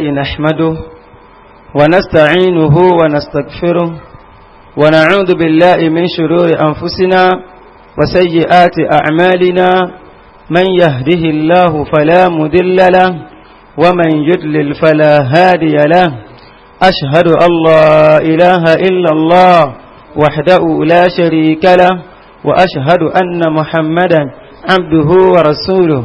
نحمده ونستعينه ونستغفره ونعوذ بالله من شرور أنفسنا وسيئات أعمالنا من يهده الله فلا مدل له ومن يدلل فلا هادي له أشهد أن لا إله إلا الله وحده لا شريك له وأشهد أن محمدا عبده ورسوله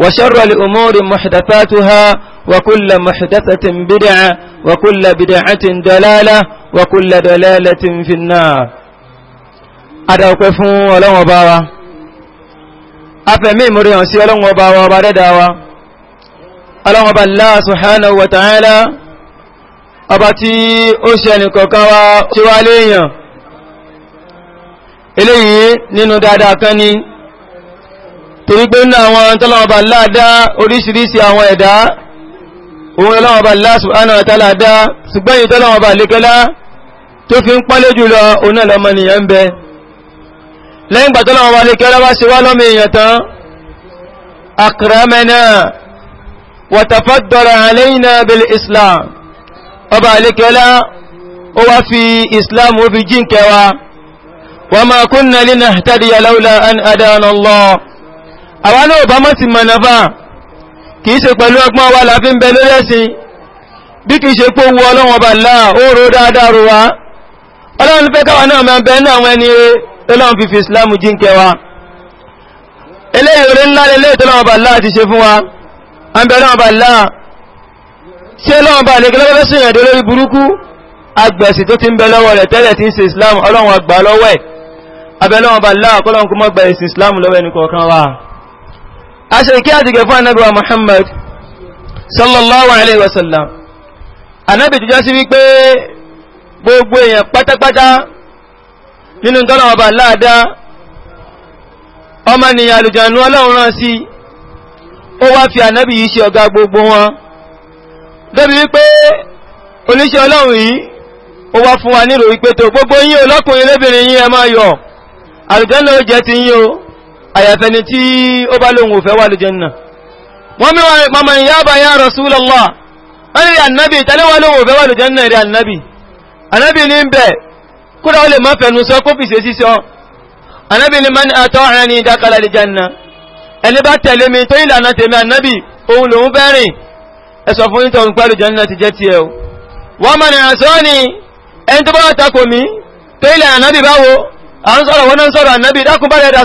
وشر الأمور محدثاتها وكل محدثة بدعة وكل بدعة دلالة وكل دلالة في النار أدوكفون ولو وباوا أفهمي مريون سي ولو وباوا وبرداوا ولو وبا الله سبحانه وتعالى أباتي أشاني كوكاوا شواليا إليه نينو دادا كاني torí pé ní àwọn tọ́lọ́ọ̀bà láàdá oríṣiríṣi àwọn ẹ̀dá òun ọlọ́ọ̀bà subhanahu wa ta'ala dá ṣùgbọ́n yìí tọ́lọ́ọ̀bà lékẹ́lá tó fi ń pọ́lé jùlọ òun náà lọ́mọ nìyàn ń bẹ lẹ́yìn gbàtọ́lọ́ọ̀bà lékẹ́lá wá ṣe wa ma kunna linahtadiya lawla an adana Allah àwọn náà bá mọ́ sí mọ̀nàfà kìí ṣe pẹ̀lú ọgbọ́n wa láfí ń bẹ lórí ẹ̀sìn bí kìí ṣe pé wu ọlọ́wọ́n bá láà ó rò dáadáa rò wá ọlọ́run fẹ́ káwa náà máa bẹ ní àwọn ẹni ọlọ́run fífi ìsìláàmù jí ń kẹwa eléyìí orí ńlá lè léètò lọ́wọ́n bá láà ti wa ń bẹ lọ́wọ́n bá láà ṣé lọ́wọ́n bá lè gẹ́lẹ́gẹ́lẹ́ sí ìrìnàjò lórí burúkú agbẹ̀sì tó ti ń bẹ lọ́wọ́ rẹ̀ tẹ́lẹ̀ tí ń ṣe ìsìláàmù ọlọ́run lọ́wọ́ ẹ̀ abẹ́lọ́wọ́n aṣe kí àti gẹ̀fún anábíwa Muhammad sallallahu alaihi wasallam anábì tó jásí wípé gbogbo èèyàn pátápátá nínú tọ́nà ọba láàdá ọmọ nìyàn àlùjànú ọlọ́run rán sí ó wá fi anábì yìí ṣe ọ̀gá gbogbo wọn débi wípé oníṣẹ́ ọlọ́run yìí ó wá fún wa nílò wípé tó gbogbo yín olókùnrin lébìnrin yín ẹ máa yọ àlùjànú ó jẹ́ ti yín o àyàfẹ́ni tí ó bá lóhun òfẹ́ wà lójẹ́nà wọ́n mẹ́wàá mọ́mọ̀ ìyába ya Rasulullah wọ́n ni annabi tẹ́lẹ́wà lóhun òfẹ́ wà lójẹ́nà rí annabi annabi ní bẹ̀ kúrò ó lè má fẹ̀nu sọ kó fìṣe sísọ annabi ní man ata'ani dakala aljanna ẹni bá tẹ̀lé mi tó ìlànà tèmi annabi òun lòun bẹ́rìn ẹsọ fún ìtọ̀ nípa aljanna ti jẹ́ ti ẹ̀ wọn náà ń sọ̀rọ̀ annabi rẹ̀ dà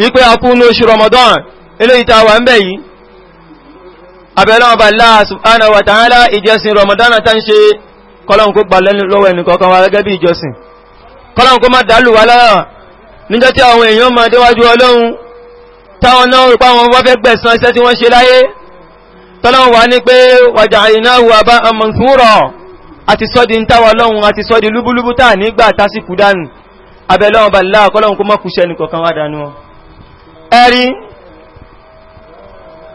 wípé a kú oṣù Ramadan ilé ìtawà ń bẹ̀ yìí abẹ́lọ́wọ́ bá Allah subhanahu wa ìjọsìn Ramadan ta ń ṣe kọlọ́n kó gbalẹ́ lọ́wọ́ ẹnìkọ̀ọ̀kan wa gẹ́gẹ́ bí ìjọsìn kọlọ́n kó má dàálù wa lára níjọ́ tí àwọn èèyàn máa déwájú Ọlọ́run táwọn náà rúpa wọn wá fẹ́ gbẹ̀san iṣẹ́ tí wọ́n ṣe láyé tọ́lọ́run wá ní pé waja'alnahu aba'an mansura àti sọ́dí ń táwà lọ́run àti sọ́dí lúbúlúbú táà nígbà tásìkú dánù abẹ́lọ́wọ́n bá láàkọ́lọ́run kó má kúṣẹ́ nìkọ̀ọ̀kan wá dánú wọn ẹ̀rí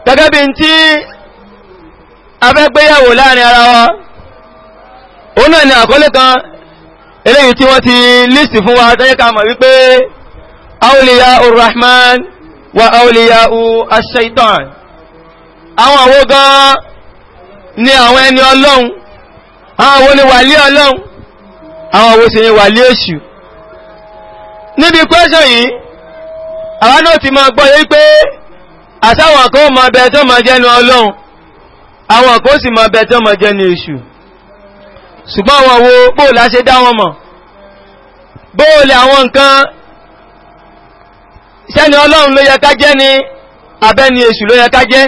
gẹ́gẹ́ bí tí a fẹ́ gbéyàwó láàrin ara wa òun náà ni àkọlé kan eléyìí tí wọ́n ti lísì fún wa tẹ́yẹ́ ká mọ̀ wípé auliya urrahman wa auliya u ashaitan àwọn àwọ́ gan ni àwọn ẹni ọlọ́run àwọn àwọ́ ni wàlí ọlọ́run àwọn àwọ́ sì ni wàlí èṣù níbi kwẹ́sọ̀ yìí àwọn náà ti máa gbọ́ yé pé àtàwọn kan ma bẹ tán ma jẹ́nu ọlọ́run àwọn kan sì ma bẹ tán ma jẹ́nu èṣù ṣùgbọ́n àwọn wo bóòlù a ṣe dá wọn mọ̀ bóòlù àwọn nǹkan sẹ́ni ọlọ́run ló yẹ ká jẹ́ ni abẹ́ni èṣù ló yẹ ká jẹ́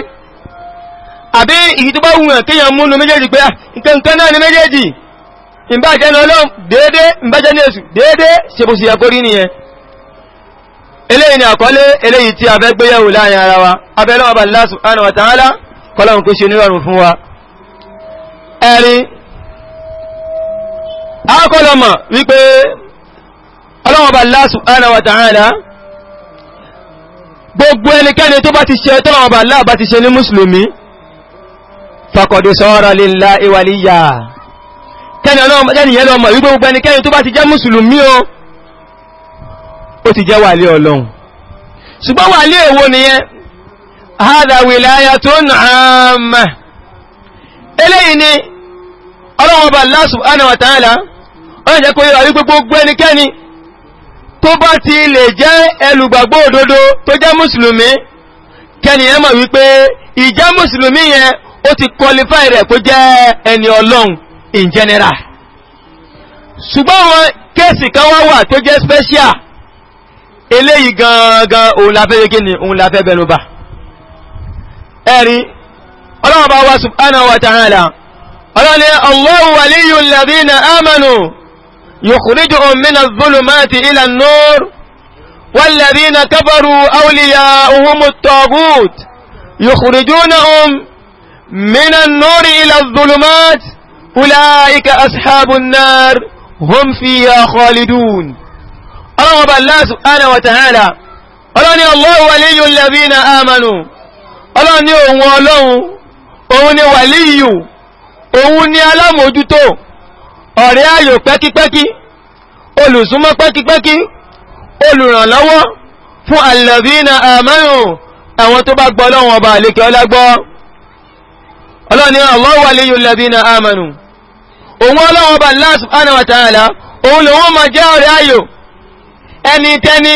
àbí ìyí tó bá wù hàn kéèyàn múnú méjèèjì pé ah, nǹkan nǹkan náà ni méjèèjì ìbá ọlọ́run déédéé ìbá èṣù déédéé ṣe bó ṣe yẹ kó nìyẹn eléyìí ni àkọlé eléyìí tí a fẹ́ gbé yẹ̀wò láàrin ara wa abẹ́lọ́wọ́ bá Allah subhanahu wa ta'ala kọlọ́run kó ṣe nírọ̀rùn fún wa ẹ̀rin akọlọ́mọ̀ wípé ọlọ́wọ́ bá Allah subhanahu wa ta'ala gbogbo ẹnikẹ́ni tó bá ti ṣe tọ́lọ́wọ́ bá Allah bá ti ṣe ní mùsùlùmí o ó ti jẹ́ wàlí ọlọ́run ṣùgbọ́n wàlí èwo nìyẹn hádà wilayatun àmà eléyìí ni ọlọ́run bá Allah subhanahu wa ta'ala ọ̀rọ̀ jẹ́ kó yọ wípé gbogbo ẹnikẹ́ni tó bá ti lè jẹ́ ẹlùgbàgbọ́ òdodo tó jẹ́ mùsùlùmí kẹ́ni ẹ mọ̀ wípé ìjẹ́ mùsùlùmí yẹn ó ti qualify rẹ̀ kó jẹ́ ẹni ọlọ́run in general ṣùgbọ́n wọn kéèsì kan wá wà tó jẹ́ special eleyi gangan òun la fẹ́ yé kí ni òun la fẹ́ bẹnu bá ẹ̀rí ọlọ́run bá wá subhanahu wa ta'ala ọlọ́run ní Allahu waliyyul ladhina amanu yukhrijuhum minaz zulumati ilan nur wal ladhina kafaru awliya'uhumut taghut yukhrijunahum minan nur ilaz zulumat ulaika ashabun nar hum fiha khalidun ọlọ́wọ́ bá Allah subhanahu wa ta'ala ọlọ́ni Allahu waliyyul ladhina amanu ọlọ́ni òun ọlọ́run òun ni wàlíyù òun ni alámòjútó ọ̀rẹ́ ayò pẹ́kípẹ́kí olùsúnmọ́ pẹ́kípẹ́kí olùrànlọ́wọ́ fún alladhina amanu àwọn tó bá gbọ́ ọlọ́run ọba àlékẹ́ ọlágbọ́ ọlọ́ni Allahu waliyyul ladhina amanu òun ọlọ́run ọba Allah subhanahu wa ta'ala òun ẹnikẹ́ni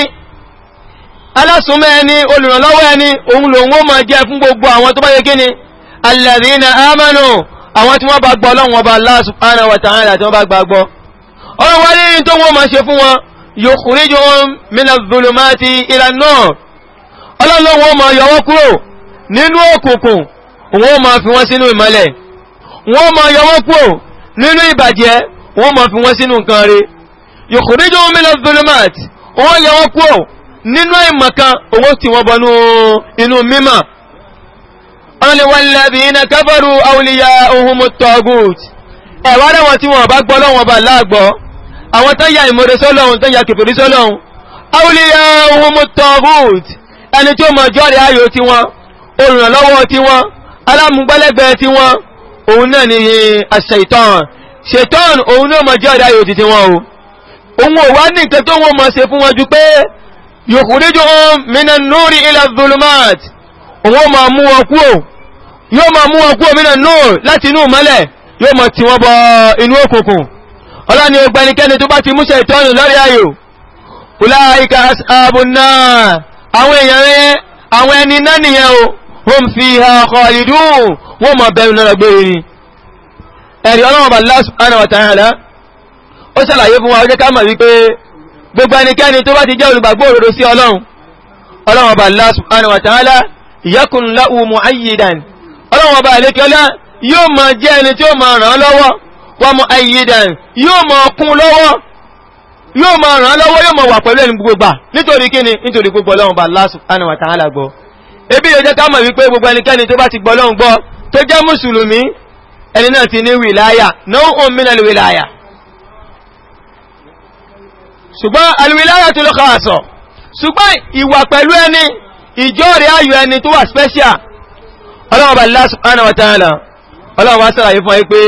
alásùnmọ́ ẹni olùrànlọ́wọ́ ẹni òun lòun ó máa jẹ́ fún gbogbo àwọn tó bá yẹ kíni alladhina amanu àwọn tí wọ́n bá gbọ́ Ọlọ́run Ọba Allah subhanahu wa ta'ala tí wọ́n bá gbàgbọ́ ọlọ́wọ́ ní tó wọ́n máa ṣe fún wọn yukhrijuhum mina dhulumati ila an-nur ọlọ́lọ́wọ́ máa yọwọ́ kúrò nínú òkùnkùn wọ́n máa fi wọ́n sínú ìmọ́lẹ̀ wọ́n máa yọwọ́ kúrò nínú ìbàjẹ́ wọ́n wọ́n yẹ wọ́n kúrò nínú ìmọ̀kan owó tí wọ́n bọnú inú mímọ̀ ọlẹ́wọ̀lẹ́bìnà kafaru awliya ohunmu tọ́gùt ẹ̀wà ya ìmọ̀rẹ́ sọ́lọ́hun ya kìfìrí sọ́lọ́hun awliya ohunmu tọ́gùt ẹni tí ó mọ̀ jọ́rẹ̀ ayò tí wọ́n olùrànlọ́wọ́ tí wọ́n alámúgbálẹ́gbẹ̀ẹ́ tí wọ́n òun náà ni ṣètọ́n ṣètọ́n òun náà mọ̀ jọ́rẹ̀ ayò tí wọ́n o òun ò wá ní nǹkan tó wọ́n mọ̀ ṣe fún wọn ju pé yukhrijuhum minan nuri ila dhulumat òun ma mú wọn kúrò yóò ma mú wọn kúrò minan nur láti inú mọ́lẹ̀ yóò mọ̀ tí wọ́n bọ inú òkùnkùn ọlá ni ọgbẹnikẹ́ni tó bá ti múṣẹ̀ ìtọ́nù lórí ayò ulaika ashabun nar àwọn àwọn ẹni ó ṣàlàyé fún wa ó jẹ́ ká mọ̀ wípé gbogbo ẹnikẹ́ni tó bá ti jẹ́ olùgbàgbọ́ òdodo sí ọlọ́run ọlọ́run ọba Allah subhanahu wa ta'ala yakun lahu ọlọ́run ọba àlékẹ́lá yóò máa jẹ́ ẹni tí ó máa ràn lọ́wọ́ wa mu'ayyidan yóò máa kún lọ́wọ́ yóò máa ràn án lọ́wọ́ yóò máa wà pẹ̀lú ẹni ebi yóò jẹ́ ká mọ̀ wípé gbogbo ẹnikẹ́ni tó bá ti gbọ́ ọlọ́run gbọ́ tó náà ti ní wìláyà náà ó mìíràn wìláyà ṣùgbọ́n alwilayatul khassa ṣùgbọ́n ìwà pẹ̀lú ẹni ìjọ́ rẹ̀ ayò ẹni tó wà special ọlọ́wọ́ bá Allah subhanahu wa ta'ala ọlọ́wọ́ wá sára yìí fún ẹ pé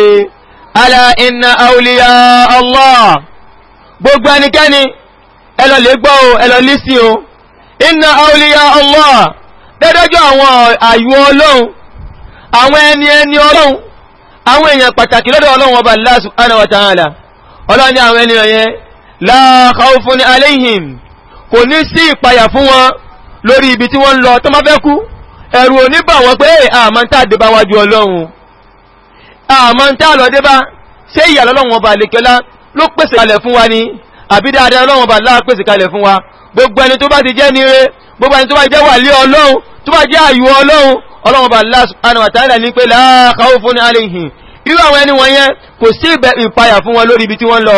ala inna awliya Allah gbogbo ẹnikẹ́ni ẹlọ lè gbọ́ o ẹlọ lè sí o inna awliya Allah dẹ́dọ́jọ́ àwọn àyò ọlọ́run àwọn ẹni ẹni ọlọ́run àwọn èèyàn pàtàkì lọ́dọ̀ ọlọ́run ọba Allah subhanahu wa ọlọ́run ni àwọn ènìyàn yẹn la khawfun alayhim kò ní sí ìpayà fún wọn lórí ibi tí wọ́n lọ tó má fẹ́ kú ẹ̀rù ò ní bà wọ́n pé àmà ń tàdé bá wájú ọlọ́run àmà ń tà lọ́dé bá ṣé ìyà lọ́lọ́run ọba àlekẹ́lá ló pèsè kalẹ̀ fún wa ni àbí dáadáa ọlọ́run ọba láà pèsè kalẹ̀ la khawfun alayhim irú àwọn ẹni wọ̀nyẹn kò sí ìpayà fún wọn lórí ibi tí wọ́n lọ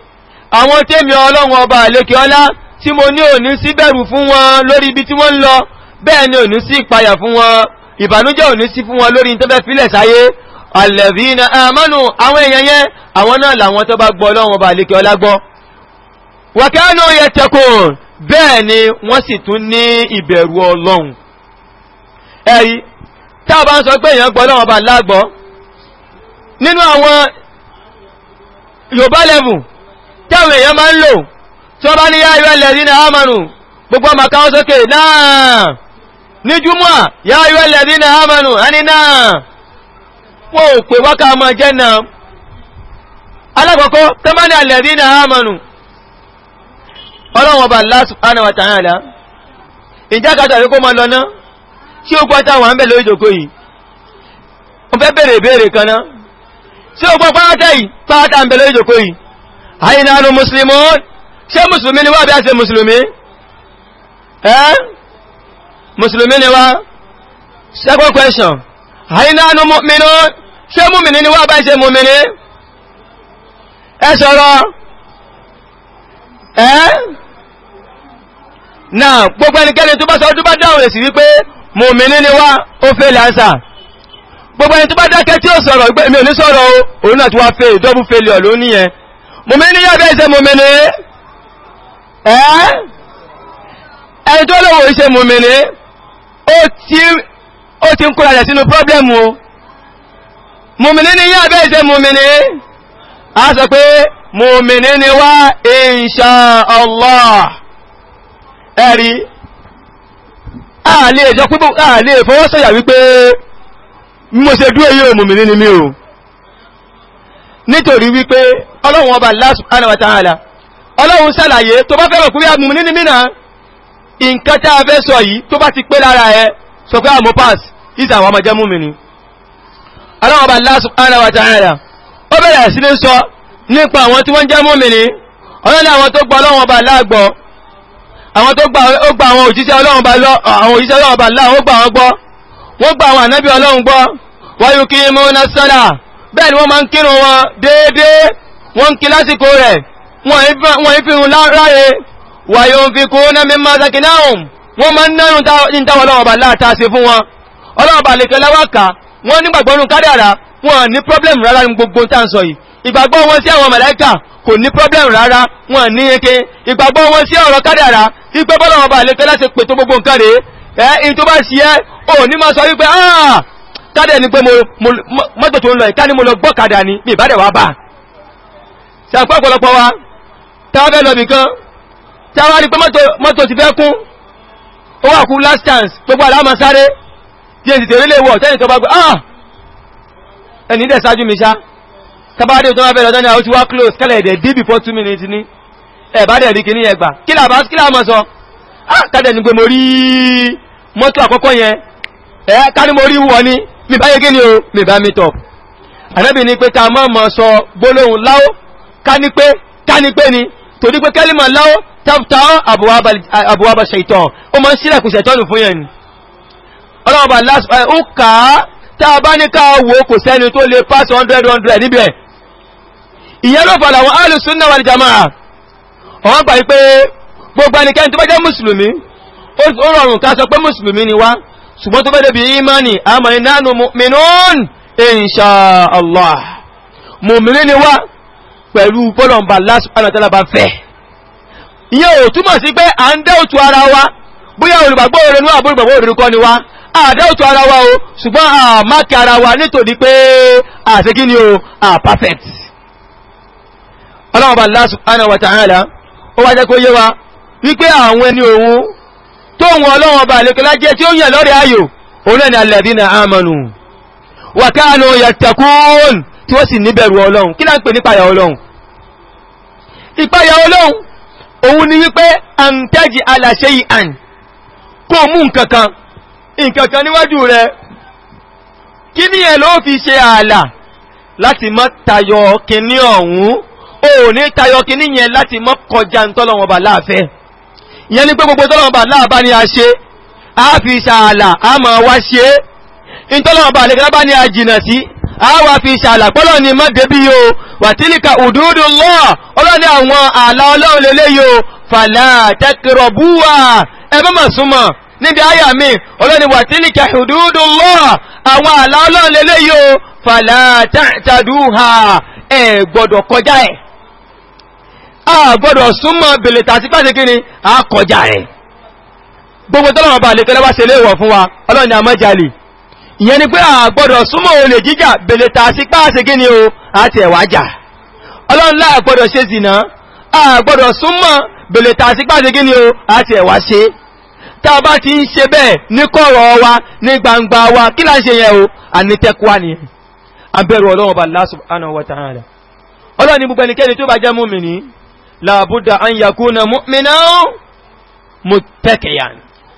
àwọn tèmi ọlọ́run ọba àlékè ọlá tí mo ní òní sí bẹ̀rù fún wọn lórí ibi tí wọ́n ń lọ bẹ́ẹ̀ ni òní sí ìpayà fún wọn ìbànújẹ́ òní sí fún wọn lórí tó fẹ́ fílẹ̀ sáyé alladhina amanu àwọn èèyàn yẹn àwọn náà yorùbá level táwọn èèyàn máa ń lò tí wọ́n bá ní yá ìwẹ́ lẹ́rí ní àmànù gbogbo àmàká ó sókè náà ní júmọ́ yá ìwẹ́ lẹ́rí ní àmànù ẹni náà wọ́n ò pè wákà mọ́ jẹ́ náà alákọ̀ọ́kọ́ tẹ́mọ́nì àlẹ́rí ní àmànù ọlọ́wọ́n bá subhanahu wa ta'ala ìjákàtà àríkó mọ́ lọ́nà tí ó àyínánú musulmi ṣe musulmi ni wá bí a ṣe musulmi ẹ́ musulmi ni wá second question àyínánú mọ́mínú ṣe múmìnì ni wá bá ṣe múmìnì ẹ sọ̀rọ̀ ẹ́ náà gbogbo ẹnikẹ́ni tó bá sọ tó bá dáhùn èsì wípé múmìnì ni wá ó fẹ́ lánsà gbogbo ẹni tó bá dákẹ́ tí ó sọ̀rọ̀ mi ò ní sọ̀rọ̀ òun náà tí wá fẹ́ ìdọ́bù fẹ́lẹ̀ lónìí yẹn mùmíní ya àbẹ́ ìṣẹ́ mùmíní ẹ́ ẹni tó lọ́wọ́ ìṣẹ́ mùmíní ó ti ń kúrò rẹ̀ sínú pọ́blẹ̀mù mùmíní ní àbẹ́ ìṣẹ́ a sọ pé mùmíní ni wá insha Allah ẹ̀rí ààlè ìjọ wípé mo ṣe dúró yóò mùmíní ni mí o nítorí wípé ọlọ́run ọba Allah subhanahu wa ta'ala ọlọ́run sàlàyé tó bá fẹ́ràn kúrí àmì nínú mìíràn nǹkan tá a fẹ́ sọ yìí tó bá ti pé lára ẹ sọ pé àmọ́ pass ìsà àwọn ọmọdé mú mi ni ọlọ́run ọba Allah subhanahu wa ta'ala ó bẹ̀rẹ̀ sí ní sọ nípa àwọn tí wọ́n jẹ́ ń kírun wọn déédéé wọ́n kí lásìkò rẹ̀ wọ́n ìfihùn láàrẹ wà yóò fi kó náà mi máa zaki náà wọ́n máa ń náà ìtawọ̀ ọlọ́ọ̀bà láta ṣe fún wọn ọlọ́ọ̀bà lè kẹlẹ́wàkà wọ́n nígbàgbọ́nù kádàrà wọ́n ní problem rárá ní gbogbo tá ń sọ yìí ìgbàgbọ́ wọn sí àwọn màláíkà kò ní problem rárá wọn ní eke ìgbàgbọ́ wọn sí ọ̀rọ̀ kádàrà tí pé bọ́lọ̀ ọba àlẹ́kẹ́ láti pè tó gbogbo nǹkan ah kádà ní pé mọ́tò tó ń lọ ìká ní mo lọ gbọ́ tí a pọ́pọ̀lọpọ̀ wa tàbẹ́ lọ́bì kan tí a wá rí pé mọ́tò ti fẹ́ kún ó wà kú last chance gbogbo àdámà sáré tí èsì tèrè lè wọ̀ tẹ́yìn tó bá gbé ah ẹni dẹ̀ sáájú mi sá tàbádé tó máa bẹ̀rẹ̀ ọjọ́ ni àwọn ti wá close kẹ́lẹ̀ ẹ̀dẹ̀ dé before two minutes ní ẹ̀bá dẹ̀ rí kìíní ẹgbà kí làbá kí làmọ̀ sọ ah tàdẹ̀ ni pé mo rí mọ́tò àkọ́kọ́ yẹn ẹ̀ kárí mo rí wọ ni mi bá yẹ kí ni o mi bá meet up ànábì ni pé ká mọ́ mọ́ sọ gbólóhùn láwọ́ kánípé kánípé ni torí pé kẹ́límà láwọ́ tafta àbúwábà ṣaitọ́n o ma ń sílẹ̀ kù ṣaitọ́nù fún yẹn ọlọ́ọ̀bà last kà á tá a bá ní káàwó kò sẹ́ni tó lè pass 100-100 níbẹ̀ ìyẹn ló fàlà wọn ahlu sunna wal jamaa ọ̀wọ́n gbà pé gbogbo ẹnikẹ́ni tó bá jẹ́ mùsùlùmí ó rọrùn ká ni wá ṣùgbọ́n tó bá débi ìmánì àmọ́ nahnu mu'minun insha Allah ni wá pẹ̀lú bọ́lọ̀mbà lásìpánàtàlà bá fẹ́ ìyẹ́ ò túmọ̀ sí pé à ń dẹ́ òtù ara wa bóyá olùgbàgbọ́ orenú àbúrúgbàgbọ́ òrìrì kọ́ ni wá àdẹ́ òtù ara wa o ṣùgbọ́n à máàkì ara wa nítorí pé àti kí ni o à perfect ọlọ́mọba lásìpánàwà tààlà ó wá tí ó sì níbẹ̀rù ọlọ́run kí la nípayà ọlọ́run ìpayà ọlọ́run òun ni wípé àǹtẹ́jì aláṣẹ ìhàn kó mú nkankan nkankan níwájú rẹ kí ní ẹ̀ ló fi ṣe ààlà láti má tayọ kìíní ọ̀hún ò ní tayọ kìíní yẹn láti má kọjá ntọ́lọ́wọ́n bá láàfẹ́ ìyẹn ni pé gbogbo tọ́lọ́wọ́n bá láàbá ni a ṣe a fi ṣààlà àwa fi ṣàlàpọ́lọ̀ ní mọ́débí yóò wà tílíkà òdúdú lọ́ ọlọ́ni àwọn àlà ọlọ́run lélẹ́ yóò fàlà tẹ́kìrọ̀búwà ẹgbẹ́mọ̀ súnmọ̀ níbi àyà mi ọlọ́ni wà tílíkà òdúdú lọ́ àwọn àlà ọlọ́run lélẹ́ yóò fàlà tàdúhà ẹ gbọ́dọ̀ kọjá ẹ̀ a gbọ́dọ̀ súnmọ̀ bèlè tàti pàṣẹ kí ni a kọjá ẹ̀ ìyẹn ni pé àgbọ́dọ̀ súnmọ́ olè jíjà bèlè tà sí páàsì gíní o àti ẹ̀wàjà ọlọ́nlá àgbọ́dọ̀ ṣe zìnà àgbọ́dọ̀ súnmọ́ bèlè tà sí páàsì gíní o àti ẹ̀wà ṣe tá a bá ti ń ṣe bẹ́ẹ̀ ní kọ̀rọ̀ wa ní gbangba wa kí là ni abẹ́rù ọlọ́run ọba Allah subhanahu wa ta'ala ọlọ́ni gbogbo ẹnikẹ́ni tó bá jẹ́ múmìnì làbúdà an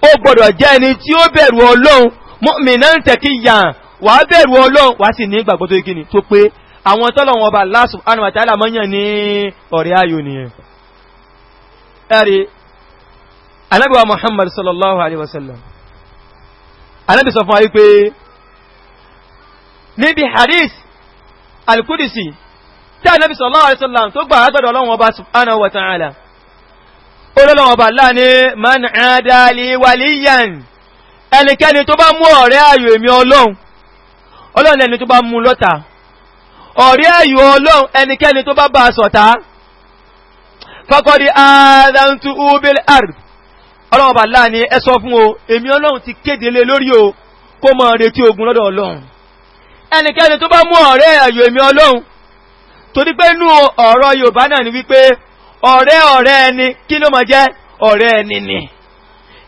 ó gbọ́dọ̀ jẹ́ ẹni tí ó bẹ̀rù ọlọ́run mu'minan taqiyan wà á bẹ̀rù ọlọ́run wà á sì ní ìgbàgbọ́ tó kíni tó pé àwọn tọ́lọ̀wọ̀n ọba Allah subhanahu wa ta'ala mọ́yàn ní ọ̀rẹ́ ayò nìyẹn ẹ̀rẹ́ Ànábì wa Muhammad sallallahu alaihi wasallam Ànábì sọ fún wa wípé níbi hadith al-Qudsi tí Ànábì sallallahu alaihi wasallam tó gbà ẹnikẹ́ni tó bá mú ọ̀rẹ́ ayò èmi ọlọ́run ọlọ́run ẹni tó bá mú lọ́ta ọ̀rẹ́ ayò ọlọ́run ẹnikẹ́ni tó bá bá sọ̀tá fọ́kọ́dí àádántú ubil ard ọlọ́run bá láàní ẹ sọ fún o èmi ọlọ́run ti kéde lé lórí o kó mọ retí ogun lọ́dọ̀ ọlọ́run ẹnikẹ́ni tó bá mú ọ̀rẹ́ ayò ọ̀rẹ́ ẹni kí ló máa jẹ́ ọ̀rẹ́ ẹni ni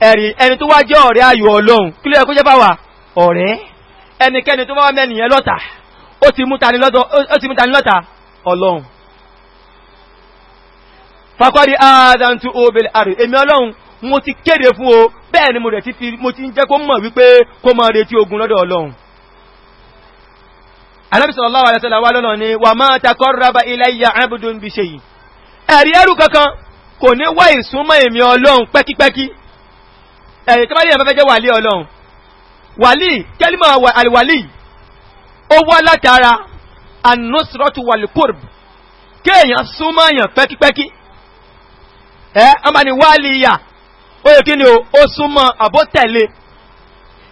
ẹ̀rì ẹni tó wá jẹ́ ọ̀rẹ́ ayò ọlọ́run kí ló yẹ kó jẹ́ bá wà ọ̀rẹ́ ẹnikẹ́ni tó bá mẹ́niyàn lọ́ta ó ti mú tani lọ́ta ọlọ́run fàkọ́rí àádántú obìnrin àrùn èmi ọlọ́run mo ti kéde fún o bẹ́ẹ̀ ni mo rẹ̀ ti fi mo ti ń jẹ́ kó mọ̀ wípé kó mọ̀ retí ogun lọ́dọ̀ ọlọ́run Ànábì sallallahu alaihi wasallam wá lọ́nà ni wà máa taqarraba ilayya abdun bi shay ẹ̀rí ẹrù kankan kò ní wá ìsúnmọ́ èmi ọlọ́run pẹ́kípẹ́kí ẹ̀rẹ̀ eh, tó bá lè fẹ́fẹ́ jẹ́ wàlí ọlọ́run wàlí kẹ́límọ̀ àlìwàlí ó wá látara anusrọ́tù wàlìkúrb kéèyàn súnmọ́ èèyàn pẹ́kípẹ́kí ẹ́ ọmọ ni wàlí yà ó yẹ kí ni ó súnmọ́ àbótẹ̀lé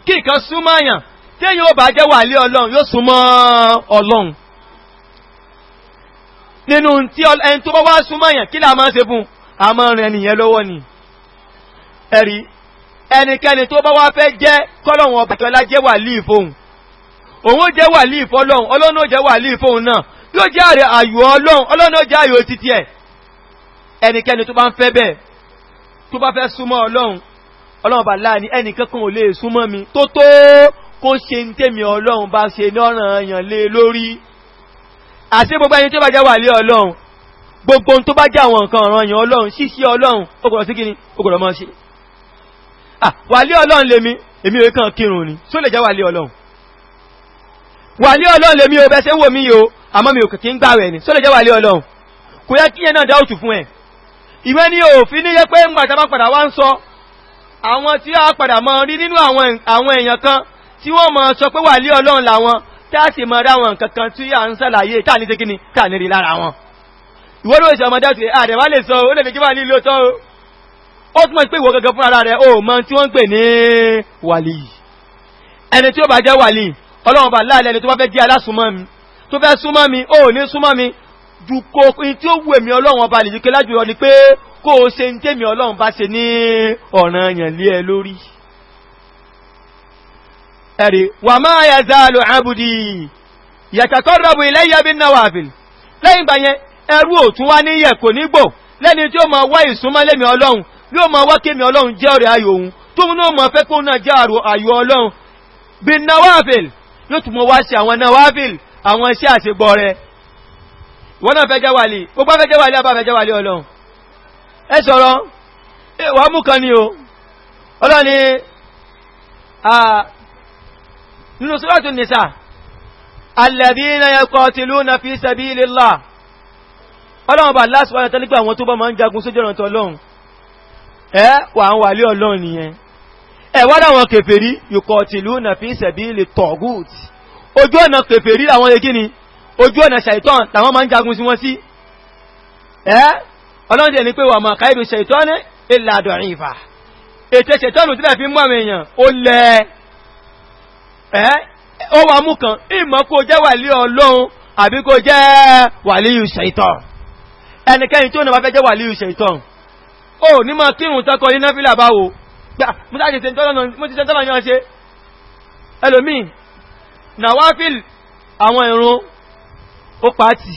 kí nǹkan súnmọ́ èèyàn téèyàn ó bá jẹ́ wàlí ọlọ́run yóò súnmọ́ ọlọ́run nínú tí ẹni tó bá wá súnmọ́ èèyàn kí làá máa ń ṣe fún àmọ́ rẹ̀ nìyẹn lọ́wọ́ ni ẹ̀rí ẹnikẹ́ni tó bá wá fẹ́ jẹ́ kọ́lọ̀wọ̀n ọbẹ̀tọ́lá jẹ́ wà líì fóhun òun jẹ́ wà líì fọ́lọ́hun ọlọ́nà jẹ́ wà líì fóhun náà yóò jẹ́ àrẹ àyò ọlọ́hun ọlọ́nà jẹ́ àyò títí ẹ̀ ẹnikẹ́ni tó bá ń fẹ́ bẹ́ẹ̀ tó bá fẹ́ súnmọ́ ọlọ́hun ọlọ́run bá láàní ẹnìkankan ò lè súnmọ́ mi tó tó kó ṣe ń tèmi ọlọ́run bá ṣe ní ọ̀ràn èèyàn lé lórí àti gbogbo ẹni tó bá jẹ́ wà lé ọlọ́run gbogbo tó bá jẹ́ àwọn nǹkan ọ̀ràn ah wàlí ọlọ́run lèmi èmi òye kan kírun ni tó lè jẹ́ wàlí ọlọ́run wàlí ọlọ́run lèmi o bẹ́ wò mí o àmọ́ mi ò kìkì ń gbà rẹ̀ ni tó lè jẹ́ wàlí ọlọ́run kò yẹ kí yẹn náà dáòtù fún ẹ ìwé ni òfin ní yẹ pé ń gbàtà bá padà wá ń sọ àwọn tí a padà mọ rí nínú àwọn èèyàn kan tí wọ́n mọ sọ pé wàlí ọlọ́run làwọn tá a sì mọ dáwọn nǹkan kan tí à ń sàlàyé tá à ní ṣe kí ni tá à ní rí lára wọn ìwọ́n ló ṣe ọmọdé àti àdẹ̀wálè sọ ó lè fi kí wà ó túnmọ̀ sí pé ìwọ gẹ́gẹ́ fúnra rẹ̀ ó mọ tí wọ́n ń pè ní wàlí ẹni tí ó bá jẹ́ wàlí ọlọ́run bá láàlẹ́ ẹni tó bá fẹ́ jẹ́ alásùnmọ́ mi tó fẹ́ súnmọ́ mi ó ní súnmọ́ mi ju kó in tí ó wù èmi ọlọ́run ọba lè jíkẹ́ lájúyọ ni pé kó o ṣe ń tèmi ọlọ́run bá ṣe ní ọ̀ràn yàn lé ẹ lórí ẹ̀rí wà máa yà záàlù àbùdì yàtàkọ́rọ̀bù ilayya bin nawafil lẹ́yìn gbà yẹn ẹrú òtún wá níyẹ̀ kò nígbò lẹ́ni tí ó máa wá ìsúnmọ́ lémi ọlọ́run yóò máa wá kémi ọlọ́run jẹ́ ọ̀rẹ́ ayò òun tó mú náà máa fẹ́ kó náà jẹ́ àrò ayò ọlọ́run bí nawafil yóò tún mọ́ wá ṣe àwọn nawafil àwọn iṣẹ́ àṣegbọ́ rẹ wọ́n náà fẹ́ jẹ́ wàlì gbogbo fẹ́ jẹ́ wàlì àbá jẹ́ wàlì ọlọ́run ẹ sọ̀rọ̀ wà mú kan ni o ọlọ́run ni nínú suratu fi sabilillah ọlọ́run bá lásìwọ́n tẹ́lẹ́gbà àwọn tó bá máa ń jagun sójú ọ̀nà ẹ wà ń wàlé ọlọ́run nìyẹn ẹ wádà wọn kèfèrí yòkọ̀ tìlú nà fi ṣẹ̀bí lè tọ̀gùt ojú ọ̀nà kèfèrí làwọn yẹ kíni ojú ọ̀nà ṣàìtàn làwọn máa ń jagun sí wọn sí ẹ ọlọ́run tẹ̀ ní pé wà máa káìdù ṣàìtàn ilà àdọ̀rin ìfà ètò ṣàìtàn tí láti ó lẹ ẹ ó jẹ́ wàlé ọlọ́run àbí kó ó ní máa kírun tọ́kọ ní náfílà bá wo ẹlòmíì nàwáfíl àwọn ìrun ó pàátì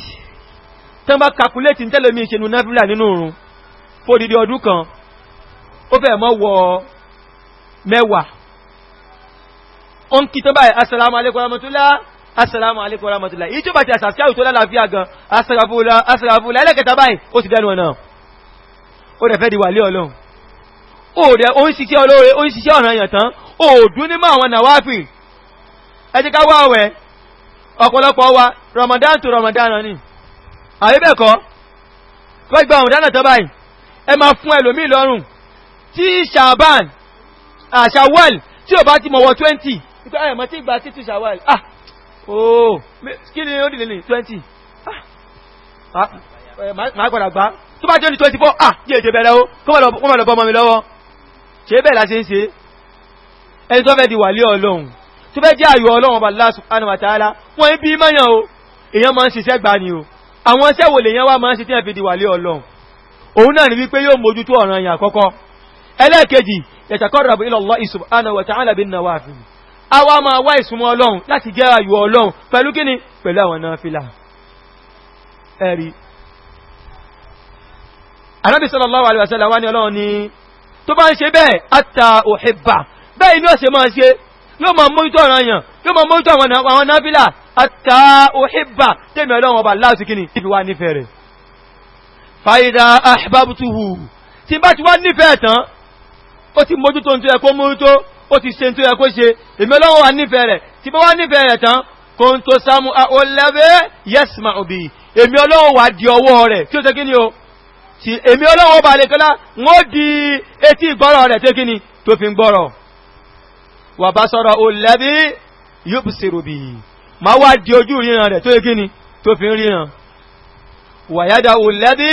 tán bá kàkúlétì tẹ́lòmíì ṣe nù náfílà nínú ìrun fòdìdí ọdún kan ó fẹ́ mọ́ wọ mẹ́wàá ó ń kí tán báyìí assalamu alaikum warahmatullah assalamu alaikum warahmatullah ìjọba ti àṣàṣíkà òtó lálàáfíà gan asàràfúlà asàràfúlà ẹlẹ́kẹta báyìí ó ti dẹnu ọ̀nà ó rẹ̀ fẹ́ di wàlé ọlọ́run ó rẹ̀ ó ń ṣiṣẹ́ olóore ó ń ṣiṣẹ́ ọ̀nà yàn tán ó dún nímọ̀ àwọn nàwáfì ẹ jẹ́ ká wá ọ̀wẹ́ ọ̀pọ̀lọpọ̀ wa Ramadan tó Ramadan ni àríbẹ̀kọ́ kọ́ ìgbà Ramadan tó báyìí ẹ máa fún ẹlòmí lọ́rùn tí Ṣàbán àṣàwọ́l tí ò bá ti mọ̀wọ́ 20 ìgbà ẹ̀mọ́ tí ìgbà títù Ṣàwọ́l ah ooo oh! kí ni ó dìlẹ̀ 20 ah, ah! máa padà gbá tó bá jẹ́ ní 24 ah jẹ́ ètè bẹ̀rẹ̀ o kọ́mọ̀ lọ bọ́mọ mi lọ́wọ́ ṣe bẹ́ẹ̀ la ṣe ń ṣe ẹni tó fẹ́ di wàlé ọlọ́run tó fẹ́ jẹ́ ayọ̀ ọlọ́run ọba Allah o èèyàn máa ń ṣiṣẹ́ o àwọn iṣẹ́ wo lèèyàn wá máa di wàlé ọlọ́run òun náà ni wípé yóò mójútó ọ̀ràn yàn àkọ́kọ́ ẹlẹ́ẹ̀kejì yataqarrabu ila Allah subhanahu wa ta'ala bin nawafil àwa máa wá ìsúnmọ́ ọlọ́run láti jẹ́ ayọ̀ ọlọ́run pẹ̀lú kíni pẹ̀lú àwọn náà fìlà ẹ̀rí anábì sallallahu alaihi wasallam wá ní ọlọ́run ni tó bá ń ṣe bẹ́ẹ̀ àtà òhìbà bẹ́ẹ̀ ni ó ṣe máa ṣe yóò máa mójútó ọ̀ràn yàn yóò máa mójútó àwọn náfílà àtà òhìbà tẹ́mi ọlọ́run ọba láti kíni ibi wá nífẹ̀ẹ́ rẹ̀ fàídà ahbabtuhu tí bá ti wá nífẹ̀ẹ́ tán ó ti mójútó tó yẹ kó mójútó ó ti ṣe tó yẹ kó ṣe rẹ̀ o tí èmi ọlọ́run ọba àlekọ́lá wọ́n di etí ìgbọ́rọ̀ rẹ̀ tó kí ni tó fi ń gbọ́rọ̀ wà bá sọ́rọ̀ ó lẹ́bí yóò sì rò bí ma wá di ojú ríran rẹ̀ tó kí ni tó fi ń ríran wà yádá ó lẹ́bí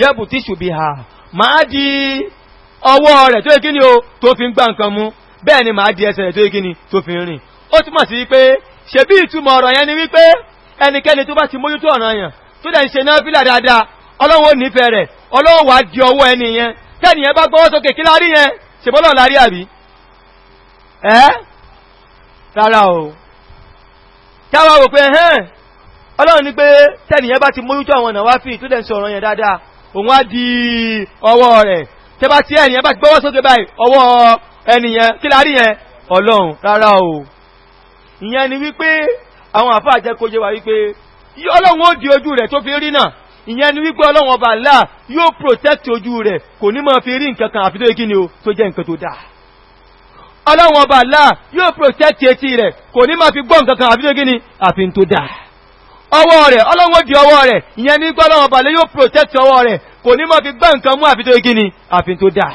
yẹ́bù tí ṣùbí ha ma di ọwọ́ rẹ̀ tó kí ni o tó fi ń gbá nǹkan mú bẹ́ẹ̀ ni ma di ẹsẹ̀ rẹ̀ tó kí ni tó fi ń rìn ó túmọ̀ sí wípé ṣe bí ìtumọ̀ ọ̀rọ̀ yẹn ni wípé ẹnikẹ́ni tó bá ti mójútó ọ̀ràn yẹn tó dẹ̀ ń ṣe náà fílà dáadáa ọlọ́run nífẹ̀ẹ́ rẹ̀ Ọlọ́run wá di ọwọ́ ẹni yẹn tẹ́ni yẹn bá gbọ́wọ́ sókè kí lárí yẹn ṣèbọ́lọ̀ lárí àbí ẹ́ rárá o káwà wò pé ẹ̀hẹ́n Ọlọ́run ní pé tẹ́ni yẹn bá ti mójútó àwọn ọ̀nà wá fi tó dẹ̀ ń sọ̀rọ̀ yẹn dáadáa òun á di ọwọ́ rẹ̀ tẹ́ bá ti ẹni yẹn bá ti o ìyẹn ni wípé àwọn àfáà jẹ́ kó yé wa wípé Ọlọ́run ìyẹn ni wípé ọlọ́run ọba Allah yóò protect ojú rẹ̀ kò ní máa fi rí nǹkan kan àfi tó yẹ kí ni o tó jẹ́ nǹkan tó dáa ọlọ́run ọba Allah yóò protect etí rẹ̀ kò ní máa fi gbọ́ nǹkan kan àfi tó yẹ kí ni àfi tó dáa ọwọ́ rẹ̀ ọlọ́run di ọwọ́ rẹ̀ ìyẹn ni wípé ọlọ́run ọba Allah yóò protect ọwọ́ rẹ̀ kò ní máa fi gbọ́ nǹkan mú àfi tó yẹ kí ni àfi tó dáa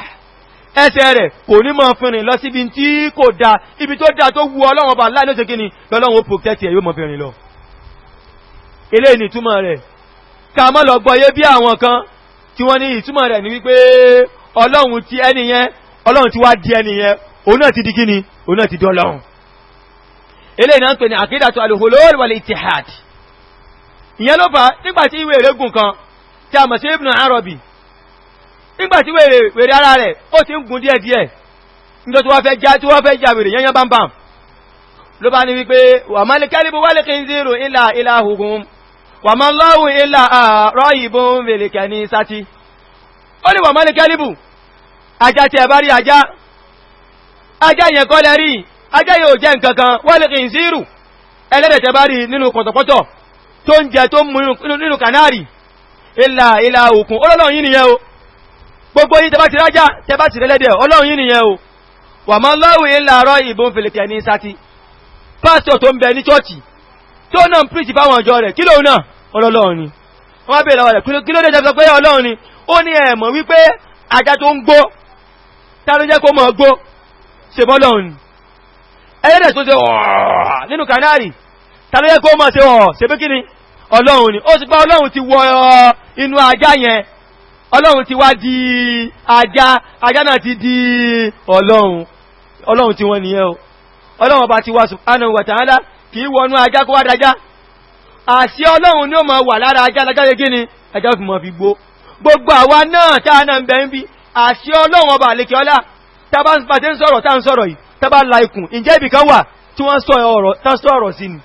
ẹsẹ̀ rẹ̀ kò ní mọ́ fún rìn lọ síbi tí kò dá ibi tó dá ká má lọ gbọ́yé bí àwọn kan tí wọ́n ní ìtumọ̀ rẹ̀ ní wípé ọlọ́run ti ẹni yẹn ọlọ́run ti wá di ẹni yẹn òun náà ti di kíni òun náà ti di ọlọ́run eléyìí náà ń pè ní àkídàtú al-hulul wal-ittihad ìyẹn ló fà nígbà tí Arabi nígbà tí wèrè ara rẹ̀ ó ti ń gùn díẹ̀ díẹ̀ nítorí tí wọ́n fẹ́ já tí wọ́n fẹ́ já wèrè yẹn yẹn bámbám bá wàmọ́ lọ́wù ilá àárọ̀ ìbò ń bèèrè kẹni sátí ó ní wàmọ́ ní kẹ́líbù ajá tí ẹ bá rí ajá ajá yẹn kọ́ lẹ́rí ajá yóò jẹ́ nkankan wọ́n kìí sírù ẹlẹ́dẹ̀ nínú pọ̀tọ̀pọ̀tọ̀ tó ń jẹ tó mú nínú kanari ilá ilá òkun ọlọ́run yìí nìyẹn o gbogbo yìí tẹbá ti rájá tẹbá ti rẹ́lẹ́dẹ̀ ọlọ́run yìí nìyẹn o wàmọ́ lọ́wù ilá àárọ̀ ìbò ń bèèrè kẹni sátí pásítọ̀ tó ń bẹ náà ń pírìtì fáwọn ọjọ́ rẹ̀ kí lóun náà ọlọ́lọ́run ni wọ́n bèèrè lọ́wọ́ rẹ̀ kí ló dé jẹ́ pé ọlọ́run ni ó ní ẹ̀mọ̀ wípé ajá tó ń gbó tá ló jẹ́ kó mọ̀ gbó ṣe bọ́ ni ẹlẹ́dẹ̀ kanari tá ló jẹ́ kó mọ̀ ṣe ọ̀ ọlọ́run ni ó sì pa ọlọ́run ti wọ uh, inú ajá yẹn ọlọ́run ti wá di ajá ajá náà ti di ọlọ́run ọlọ́run tí wọ́n nìyẹn o ọlọ́run ọba ti wá subhanahu wa ta'ala kì wọnú ajá kó wá àṣẹ ọlọ́run ní ó mọ̀ wà lára ajá lágbàgbé gíní ẹjá fi mọ̀ fi gbó gbogbo àwa náà táà náà ń bẹ̀ ń bí àṣẹ ọlọ́run ọba àlekẹ́ ọlá tàbá ń sọ̀rọ̀ táà ń sọ̀rọ̀ yìí tàbá la ikùn ǹjẹ́ ibì kan wà tí wọ́n sọ ọ̀rọ̀ sí ni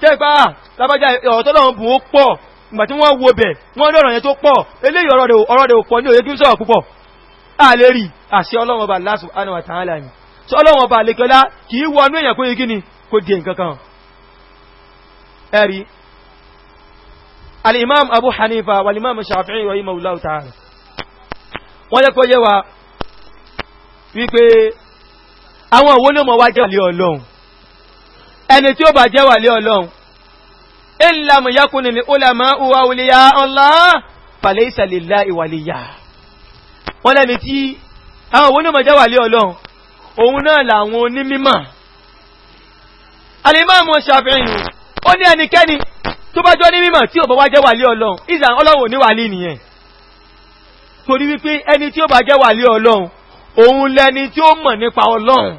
tẹ́gbà ah, lábájá ọ̀rọ̀ tọ́lọ́run bù ó pọ̀ ìgbà tí wọ́n wo bẹ̀ wọ́n lọ́rọ̀ yẹn tó pọ̀ eléyìí ọ̀rọ̀ rẹ̀ pọ̀ ní òye kí ń sọ̀rọ̀ púpọ̀ àlérí àṣẹ ọlọ́run ọba Allah subhanahu wa ta'ala ẹ̀rí al'imam abu hanifa wal'imam shafi'i wa ima wula ta'ala wọ́n jẹ́ kó yé wa wípé àwọn òwò ló mọ̀ wá jẹ́ wàlé ọlọ́run ẹni tí ó bá jẹ́ wàlé ọlọ́run illa man yakuna lil ulama'u wa awliya Allah falaysa lillahi waliya wọ́n lẹ́ni tí àwọn òwò ló mọ̀ jẹ́ wàlé ọlọ́run òun náà làwọn onímímọ̀ alìmọ́ shafi'i ó ní ẹnikẹ́ni tó bá jọ ní mímọ̀ tí ò bá wá jẹ́ wàlí ọlọ́run ìsàn ọlọ́run ò ní wàlí nìyẹn torí wípé ẹni tí ó bá jẹ́ wàlí ọlọ́run òun lẹni tí ó mọ̀ nípa ọlọ́run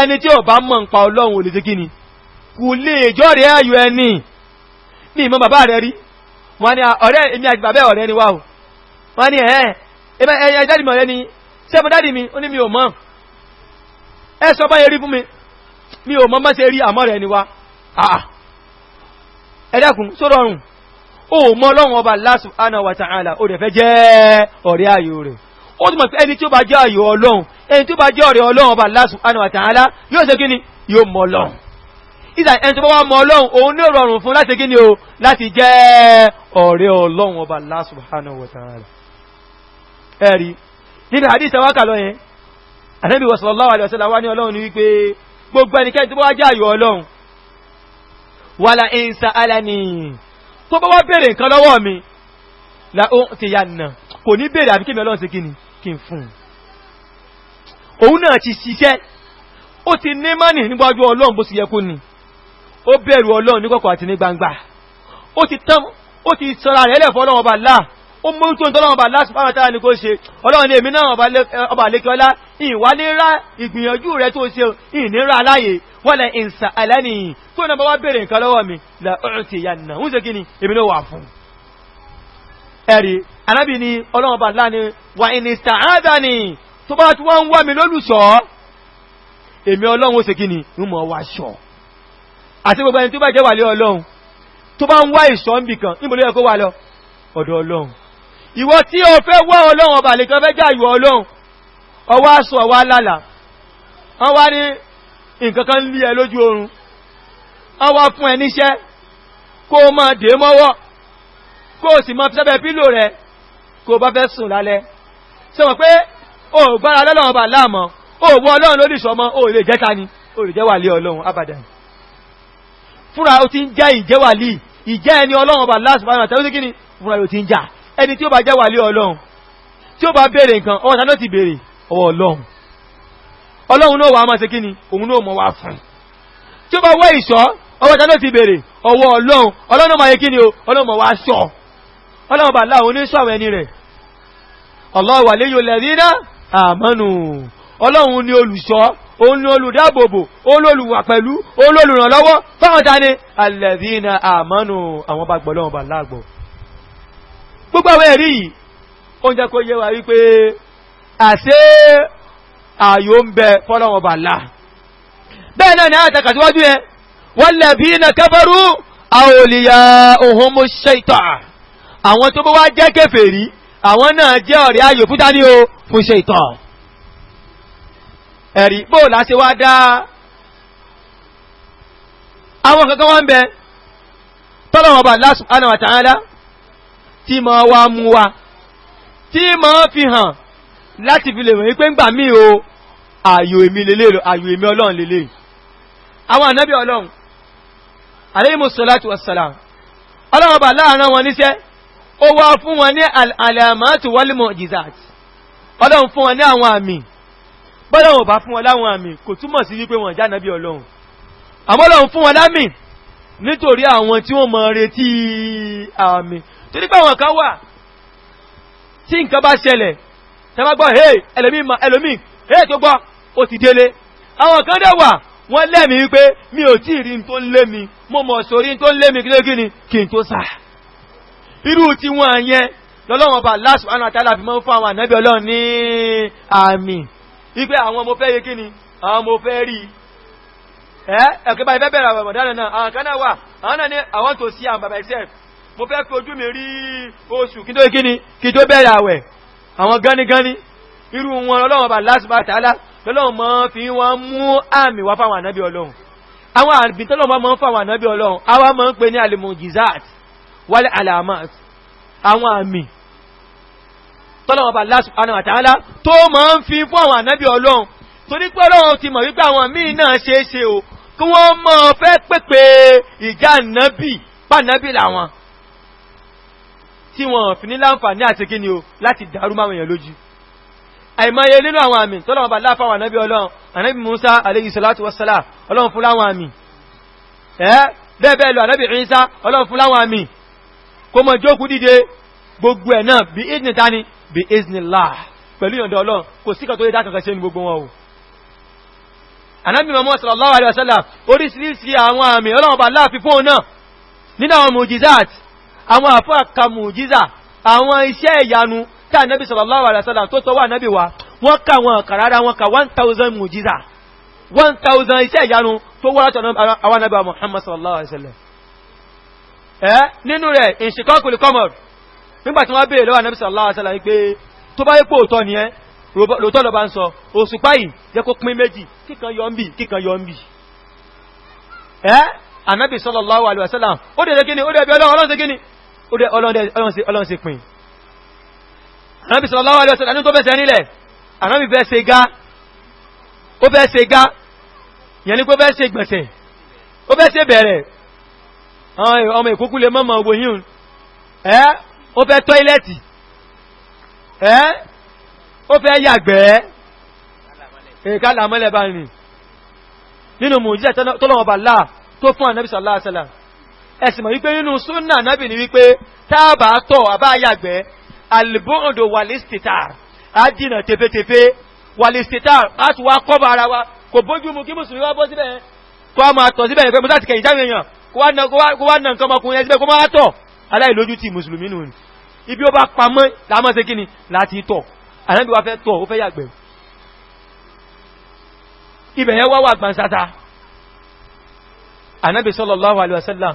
ẹni tí ó bá mọ̀ nípa ọlọ́run ò lè ṣe kíni kò lè jọ́ rẹ̀ ayò ẹni ní ìmọ̀ bàbá rẹ̀ rí wọ́n ní ọ̀rẹ́ èmi àti bàbá ọ̀rẹ́ ni wá o wọ́n ní ẹ̀ẹ́ ẹ̀yẹ ni sẹ́mu dáàdì mi ó ní mi ò mọ̀ ẹ sọ báyẹn rí fún ni wá àà ah, ẹ̀dàkùn tó rọrùn ó mọ́ ọlọ́run ọba Allah subhanahu wa ta'ala ó rẹ̀ fẹ́ jẹ́ ọ̀rẹ́ ayò rẹ̀ ó túnmọ̀ sí ẹni tí ó bá jẹ́ ayò ọlọ́run ẹni tí ó bá jẹ́ ọ̀rẹ́ ọlọ́run ọba Allah subhanahu wa ta'ala yóò ṣe kíni yóò mọ́ ọlọ́run ìdá ẹni tó bá wá mọ́ ọlọ́run òun ní rọrùn fún Allah subhanahu wa ta'ala ẹ̀rí nínú hadith wákà lọ yẹn Ànábì sallallahu alaihi wasallam wá wàlà ẹ̀ǹsà alani tó bá wá bèèrè nǹkan lọ́wọ́ mi la ó ti yà nà kò ní bèèrè àbí kíni ọlọ́run sí kíni kí n fún òun náà ti ṣiṣẹ́ ó ti ní mọ́nì níwájú ọlọ́run bó sì yẹ kó ni ó bẹ̀rù ọlọ́run ní kọ̀kọ̀ àti ní gbangba ó ti tán ó ti rẹ̀ lẹ̀ fọ́lọ́run ọba láà ni kó ṣe ọlọ́run ní èmi náà ọba lékọ́lá ìwálé rá ìgbìyànjú rẹ̀ tó wala in sa'alani tó náà bá wá bèèrè nǹkan lọ́wọ́ mi la u'tiyanna ń ṣe kíni èmi ló wà fún ẹ̀rí anábì ni ọlọ́run bá láni wa in ista'adani tó bá tí wọ́n ń wá mi lólùṣọ́ èmi ọlọ́run ó ṣe kíni ń mọ̀ wá ṣọ́ àti gbogbo ẹni tó bá jẹ́ wà lé ọlọ́run tó bá ń wá ìṣọ́ ń bì kan níbo ló yẹ kó wà lọ ọ̀dọ̀ ọlọ́run ìwọ tí o fẹ́ wá ọlọ́run ọba lè kan fẹ́ jà ìwọ ọlọ́run ọwọ́ aṣọ ọwọ́ alálà wọ́n wá ní nǹkan kan lé ẹ lójú oorun a wá fún ẹ níṣẹ́ kó o máa dè mọ́wọ́ kó o sì máa fi sábẹ́ pílò rẹ kó o bá fẹ́ sùn lálẹ́ ṣe mọ̀ pé o gbára lọ́lọ́run bá láàmọ́ o wọ ọlọ́run lórí o lè jẹ́ ta ni o lè jẹ́ wà lé ọlọ́run abadan fúnra o ti ń jẹ́ ìjẹ́ ìjẹ́ ẹni ọlọ́run bá láàsùn ti ń jà ẹni ọlọ́run náà wà máa ṣe kí ni òun náà mọ̀ wá fún tí ó bá wọ́ ìṣọ́ ọwọ́ ìtàná ti bèèrè ọwọ́ ọlọ́run ọlọ́run máa yẹ kí ni o ọlọ́run mọ̀ wá ṣọ́ ọlọ́run bá láwọn oníṣọ́ àwọn ẹni rẹ̀ Allahu waliyul ladina amanu ọlọ́run ni olùṣọ́ òun ni olùdáàbòbò olólùwà pẹ̀lú olólùrànlọ́wọ́ fáwọn dání alladina amanu àwọn bá gbọ́ lọ́wọ́ bá láàgbọ́ gbogbo àwọn ẹ̀rí yìí ó ń jẹ́ kó yé wa wípé àṣẹ ààyò ń bẹ fọ́lọ́wọ̀ bà láà bẹ́ẹ̀ náà ni a tàkà síwájú yẹn walladhina kafaru awliya'uhumu shaytan àwọn tó bó wá jẹ́ kèfèrí àwọn náà jẹ́ ọ̀rẹ́ ayò fúta ní o fún shaytan ẹ̀rí bó láti wá dá àwọn kankan wọ́n bẹ tọ́lọ̀wọ̀ bà Allah subhanahu wa ta'ala tí ma wá mú wa tí ma fi hàn láti fi lè wọ̀nyí pé ń gbà mí o ààyò èmi lélẹ̀ ààyò èmi ọlọ́run lélẹ̀ àwọn ànábì ọlọ́run alayhimu salatu wassalam ọlọ́run bá láàrin wọn níṣẹ́ ó wá fún wọn ní al-alamatu wal mu'jizat ọlọ́run fún wọn ní àwọn àmì bọ́lọ́run bá fún wọn láwọn àmì kò túmọ̀ sí wípé wọn jánábí ọlọ́run àmọ́ ọlọ́run fún wọn lámì nítorí àwọn tí wọ́n mọ̀ retí àmì torí pé kan wà tí nǹkan bá ṣẹlẹ̀ tẹ́bá hey ẹlòmí ma ẹlòmí hey tó gbọ́ ó ti délé àwọn kan dẹ̀ wà wọ́n lẹ́mi wípé mi ò tí ìrí tó ń lé mi mo mọ̀ sórí tó ń lé mi kílé kíni kí n tó sà irú tí wọ́n yẹn lọ́lọ́wọ́n bá Allah subhanahu wa ta'ala fi mọ́ fún àwọn ànábì ọlọ́run ní àmì wípé àwọn mo fẹ́ yé kíni àwọn mo fẹ́ rí ẹ̀kẹ́ bá ìfẹ́ bẹ̀rẹ̀ àwọn ọ̀dánà náà àwọn ojú mi rí oṣù kí tó bẹ̀rẹ̀ àwẹ̀ àwọn gánigáni irú wọn ọlọ́wọ́n bá lásìbá tààlá lọ́lọ́wọ́n mọ́ fi wọ́n mú àmì wá fáwọn ànábí ọlọ́run àwọn àbí tọ́lọ́wọ́n mọ́ fáwọn ànábí ọlọ́run àwọn mọ́ ń pè ní alimujizat wálé alamat àwọn àmì tọ́lọ́wọ́n bá lásìbá tààlá tó mọ́ ń fi fún àwọn ànábí ọlọ́run torí pé ọlọ́run ti mọ̀ wípé àwọn míì náà ṣeéṣe o kí wọ́n mọ́ fẹ́ pépè ìjà ànábì pànábì làwọn tí wọ́n fi ní láǹfààní àti kí ni o láti dàrú máwọn èèyàn lójú àìmọye nínú àwọn àmì tó lọ́wọ́ bá láfàwà náàbí ọlọ́run ànábì musa alayhi salatu wassalam ọlọ́run fún láwọn àmì ẹ́ bẹ́ẹ̀bẹ́ẹ̀ lọ ànábì isa ọlọ́run fún láwọn àmì kó mọ jókú dìde gbogbo ẹ̀ náà bí izni tani bí izni láà pẹ̀lú yọ̀ndọ̀ ọlọ́run kò síkà tó yẹ dá kankan o ànábì mọ́mọ́ sallallahu alayhi wasallam oríṣiríṣi àwọn àmì ọlọ́run bá àwọn àfáà ka mùjíza àwọn iṣẹ́ ìyanu tá nẹ́bí sallallahu alaihi wasallam tó tọwà nẹ́bí wa wọ́n ka wọn kàrárá wọn ka 1000 mùjíza 1000 iṣẹ́ ìyanu tó wọ́n látọ̀ àwọn Muhammad sallallahu alaihi wasallam ẹ́ nínú rẹ̀ ìṣìkọ́kùlù kọmọ̀rù nígbàtí wọ́n bèèrè lọ́wọ́ nẹ́bí sallallahu alaihi wasallam pé tó bá yípo òtọ́ ni ẹ́ lóòtọ́ lọ bá ń sọ òṣùpá yìí jẹ́ sallallahu alaihi wasallam ó dẹ̀ gíní ó dẹ̀ bí ọlọ́run ṣe pin anábì sallallahu alaihi wasallam tó bẹ́sẹ̀ nílẹ̀ anábì fẹ́ ṣe gá ó fẹ́ ṣe gá yẹn ni pé fẹ́ ṣe gbẹ̀sẹ̀ ó fẹ́ ṣe bẹ̀rẹ̀ ọmọ ìkókú lè mọ́mọ́ ogbò yíò ẹ́ ó fẹ́ tọ́ílẹ̀tì ẹ́ ó fẹ́ yàgbẹ́ ẹ̀kálàmọ́lẹ̀ bá rìn nínú mùjíṣẹ́ tọ́lọ́wọ́ bàlá tó fún ànábì sallallahu alaihi wasallam ẹ̀sìn mọ̀ wípé nínú súnà nábì ni wípé táàbà tọ̀ àbáyàgbẹ́ alìbóòdò wàlìsítà àdínà tefetefe wàlìsítà láti wá kọ́ bá ara wa kò bójú mu kí mùsùlùmí wá bọ́ síbẹ̀ kó a máa tọ̀ síbẹ̀ ìfẹ́ mú láti kẹ̀yìn táwọn èèyàn kó wá nà nǹkan ọmọkùnrin ẹsẹ̀ kó máa tọ̀ aláìlójú ti mùsùlùmí nù ní ibi ó bá pamọ́ láàmọ́ sí kíni láti tọ̀ wà gbansata ànábì sallallahu alaihi wasallam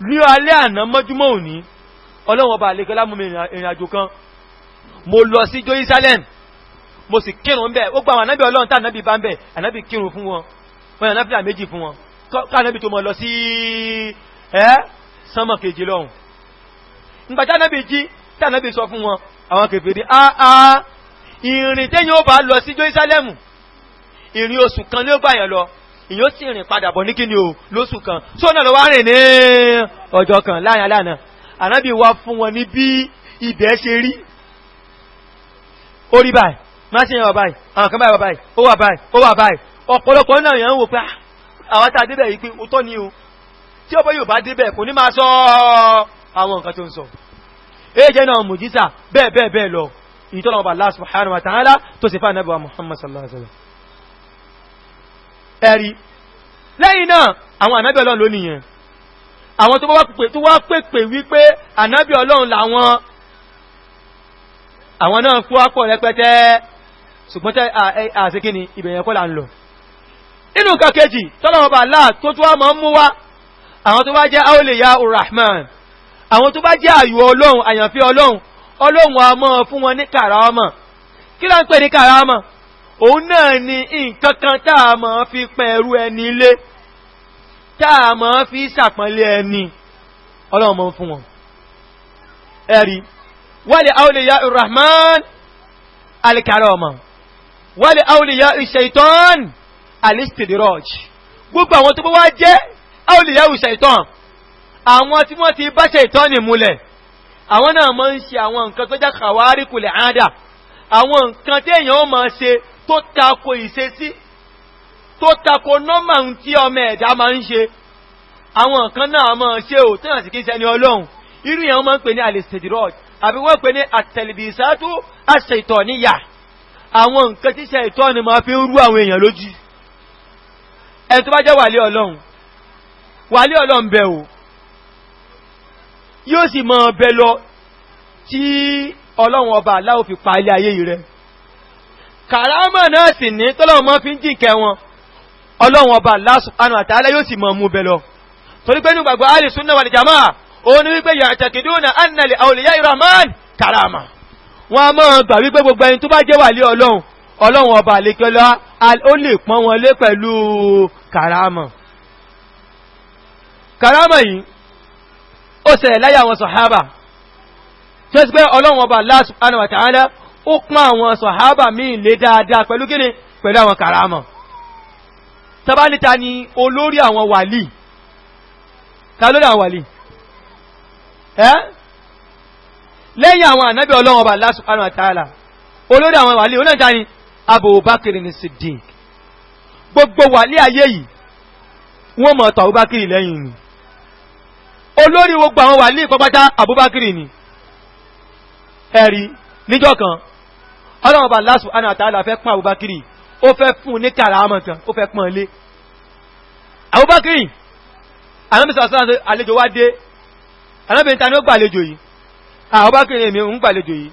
ní alẹ́ àná mọ́júmọ́ òní ọlọ́wọ́n bá lè kọ́lá mú mi ìrìn àjò kan mo lọ sí Jerusalem mo sì kírun bẹ́ẹ̀ ó gbàwọn anábì ọlọ́run tá anábì bá ń bẹ̀ anábì kírun fún wọn wọn yàn náfìlà méjì fún wọn ká anábì tó mọ lọ sí ẹ́ sánmọ̀ kejì lọ́hùn nígbà tá anábì jí tá anábì sọ fún wọn àwọn kèfèrí áá ìrìn téyàn ó bá lọ sí Jerusalem ìrìn oṣù kan ni ó gbà yàn lọ ìyó sì rìn padà bọ̀ ní kíni o lóṣù kan tó náà lọ wá rìn ní ọjọ́ kan láàrin aláàna ànábì wá fún wọn ní bí ibẹ̀ ṣe rí orí báyìí má ṣe yàn wà báyìí àwọn kan báyìí wà báyìí ó wà báyìí ọ̀pọ̀lọpọ̀ náà yàn ń wò pé ah, àwọn tá a yìí pé ó tọ́ ni o tí ọbọ̀ yóò bá débẹ̀ kò ní máa sọ àwọn nǹkan tó ń sọ èjẹ́ náà mùjísà bẹ́ẹ̀ bẹ́ẹ̀ bẹ́ẹ̀ lọ ìtọ́lọ́mọba Allah subhanahu wa ta'ala tó sì Muhammad sallallahu ẹ̀rí lẹ́yìn náà àwọn ànábì ọlọ́run ló nìyẹn àwọn tó wá pèpè wípé ànábì ọlọ́run làwọn àwọn náà fún àpọ̀ rẹpẹtẹ ṣùgbọ́n tẹ́ àṣekíni ìbẹ̀yẹn kọ́ là ń lọ inú kàkejì tọ́lọ́wọ́ bá láà tó tó wá mọ́ mú wá àwọn tó bá jẹ́ aoliya urahman àwọn tó bá jẹ́ àyò ọlọ́run àyànfẹ́ ọlọ́run ọlọ́run a máa fún wọn ní kàràmà kí lá ń pè ní kàràmà òun náà ni nǹkan kan táà mọ̀ fi pẹ̀rú ẹni ilé táà mọ̀ fi sàpọ̀lé ẹni ọlọ́run mọ̀ fún wọn ẹ̀rí wali awliya irrahman alikarama wali awliya ishaitan alistidiroj gbogbo àwọn tó bá wá jẹ́ awliya ishaitan àwọn tí wọ́n ti bá ṣaitan ní múlẹ̀ àwọn náà mọ́ ń ṣe àwọn nǹkan tó jẹ́ kàwárí kùlẹ̀ àádà àwọn nǹkan tí èèyàn ó máa ṣe tó tako ìṣesí tó tako nọ́mà ń tí ọmọ ẹ̀dá máa ń ṣe àwọn nǹkan náà máa ṣe ò tí wọ́n sì kí ń ṣẹni ọlọ́run irú yẹn wọ́n máa ń pè ní alistadirod àbí wọ́n pè ní àtẹ̀lẹ̀bìsátú àṣẹ̀tọ̀ níyà àwọn nǹkan tí ṣe ìtọ́ ni máa fi ń rú àwọn èèyàn lójú ẹ̀ ọlọ́run ọba aláwọ̀ fi pa ilé ayé rẹ̀ kàrámà náà sì ní tọ́lọ́wọ́ mọ́ fi ń jìnkẹ́ wọn ọlọ́wọ́n ọba Allah subhanahu wa ta'ala yóò sì mọ̀ mú bẹ lọ torí pé nígbàgbọ́ ahlu sunna wal jamaa òun wípé ya'taqiduna anna li awliya'i rahman kàrámà wọn a máa gbà wípé gbogbo ẹni tó bá jẹ́ wàlí ọlọ́run ọlọ́run ọba àlekẹ́lá ó lè pọ́n wọn lé pẹ̀lú kàrámà kàrámà yìí ó ṣẹlẹ̀ láyé àwọn ó pán àwọn sọ̀hábà míì lé dáadáa pẹ̀lú kíni pẹ̀lú àwọn kàrámọ̀ tàbánita ni olórí àwọn wàlí ta lórí àwọn wàlí ẹ́ lẹ́yìn àwọn ànábì ọlọ́wọ́ba Allah subhanahu wa ta'ala olórí àwọn wàlí onáta ni Abubakar ni Siddiq gbogbo wàlí ayé yìí wọ́n mọ̀ ọ̀tọ̀ Abubakar lẹ́yìn ni olórí gbogbo ni ẹ̀rí níjọ́ kan ọlọ́run bá Allah subhanahu wa ta'ala fẹ́ pọ́n àbúbákiri ó fẹ́ fún ní kàràmọ̀ kan ó fẹ́ pọ́n lé àbúbákiri anábìsọ̀ sọ́nà àlejò wá dé anábìsọ̀ ta ni ó gbàlejò yìí àbúbákiri ah, èmi ń gbàlejò yìí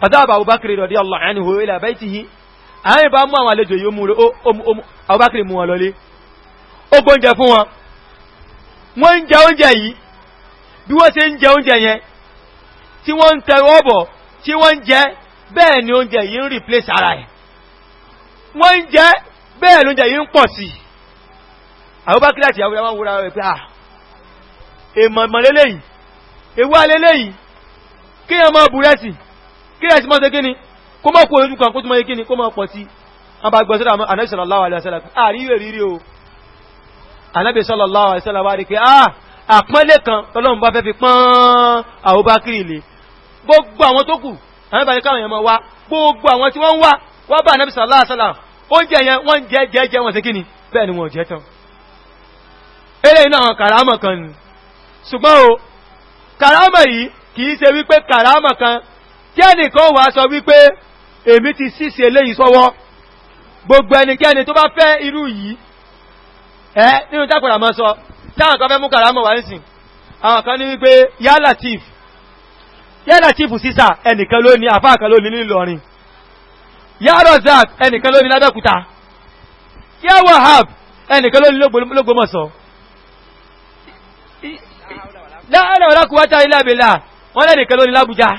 fàdábà àbúbákiri radiyallahu anhu ila baytihi àwọn ìbá mú àwọn àlejò yìí àbúbákiri bẹ́ẹ̀ ni oúnjẹ yìí ń replace ara ẹ̀ wọ́n ń jẹ bẹ́ẹ̀ ni oúnjẹ yìí ń pọ̀ sí àwọ́bákílá àti àwọn ìyàwó wúra rẹ̀ pé à ah, èmọ̀ ìmọ̀lélé yìí ewu alélé yìí kí ọmọ búrẹ́sì kí ẹ̀sì mọ́ tẹ́kíní kó mọ́ kó ojú kan kó túnmọ́ ikíní kó mọ́ pọ̀ sí abàgbọ́sọ́dọ̀ Ànábì sallallahu alaihi wasallam àríwẹ̀ ah, rírí o Ànábì sallallahu alaihi wasallam wá rí pé ah àpọ́nlé kan tọ́lọ́run bá fẹ́ fi pọ́n Àbúbákírì lé gbogbo àwọn tó kù àwọn ìbàdí káwọn èèyàn wá gbogbo àwọn tí wọ́n wá wá bá ànábì sallallahu alaihi ni wọ́n jẹ́ tán eré iná àwọn kàrámọ̀ kan ni ṣùgbọ́n o kàrámọ̀ yìí kìí ṣe wípé kàrámọ̀ kan tí ẹnìkan wà sọ wípé èmi ti ṣíṣe eléyìí sọ́wọ́ gbogbo ẹnikẹ́ni tó bá fẹ́ irú yìí ẹ nínú tápàdà mọ́ sọ táwọn kan fẹ́ mú kàrámọ̀ wá ń sìn àwọn kan ní wípé yá Latif yálà chief sísà ẹnìkan ló ní àfáà kan ló ní nílọrin yá Razak ẹnìkan ló ní lábẹ́kúta yá Wahab ẹnìkan ló ní lógbòmọ̀sọ láàrín ọ̀lákùwátà ilẹ̀ àbẹ̀là wọ́n lẹ́nìkan ló ní lábújá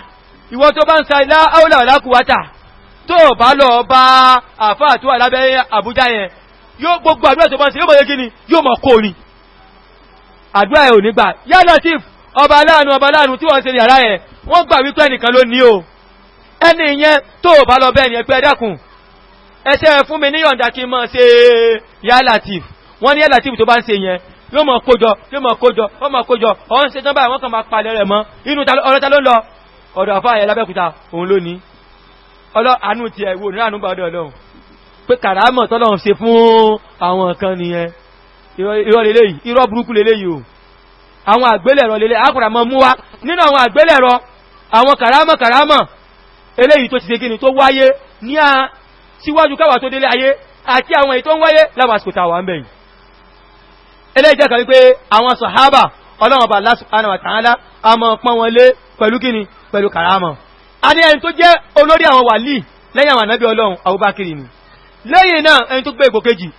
ìwọ tó bá ń sa láàrín ọ̀lákùwátà tó bá lọ bá àfáà tó wà lábẹ́ àbújá yẹn ọba aláàánú ọba aláàánú tí wọ́n ṣe ní yàrá yẹn wọ́n gbà wípé ẹnìkan ló ní o ẹni yẹn tó bá lọ bẹ́ẹ̀ ni ẹgbẹ́ ẹ̀dẹ́kùn ẹṣẹ́ fún mi níyọ̀ǹda kí n mọ̀ ṣe yá latif wọ́n ní yá latif tó bá ń ṣe yẹn yóò mọ̀ kójọ yóò mọ̀ kójọ ó mọ̀ kójọ ọ̀hún ṣe tán báyìí wọ́n kàn máa palẹ̀ rẹ̀ mọ́ inú ọ̀rẹ́ ta ló ń lọ ọ̀dọ̀ àfáà yẹn lábẹ́kúta òun ló ní ọlọ́ àánú tiẹ̀ wò ní àánú bá ọdọ̀ burúkú lélẹ́yìí o àwọn àgbélẹ̀rọ lélẹ̀ àkùrà mọ́ mú wá nínú àwọn àgbélẹ̀rọ àwọn kàrámọ̀ kàrámọ̀ eléyìí tó ti ṣe gíní tó wáyé ní a síwájú káwà tó délé ayé àti àwọn èyí tó ń wáyé láwọn àsìkò tàwà ń bẹ̀yìn eléyìí jẹ́ kan wípé àwọn sàhábà ọlọ́wọ̀n bá Allah subhanahu wa ta'ala a mọ̀ pọ́n wọn lé pẹ̀lú kíni pẹ̀lú kàrámọ̀ ni lẹ́yìn náà ẹni tó gbé ipò kejì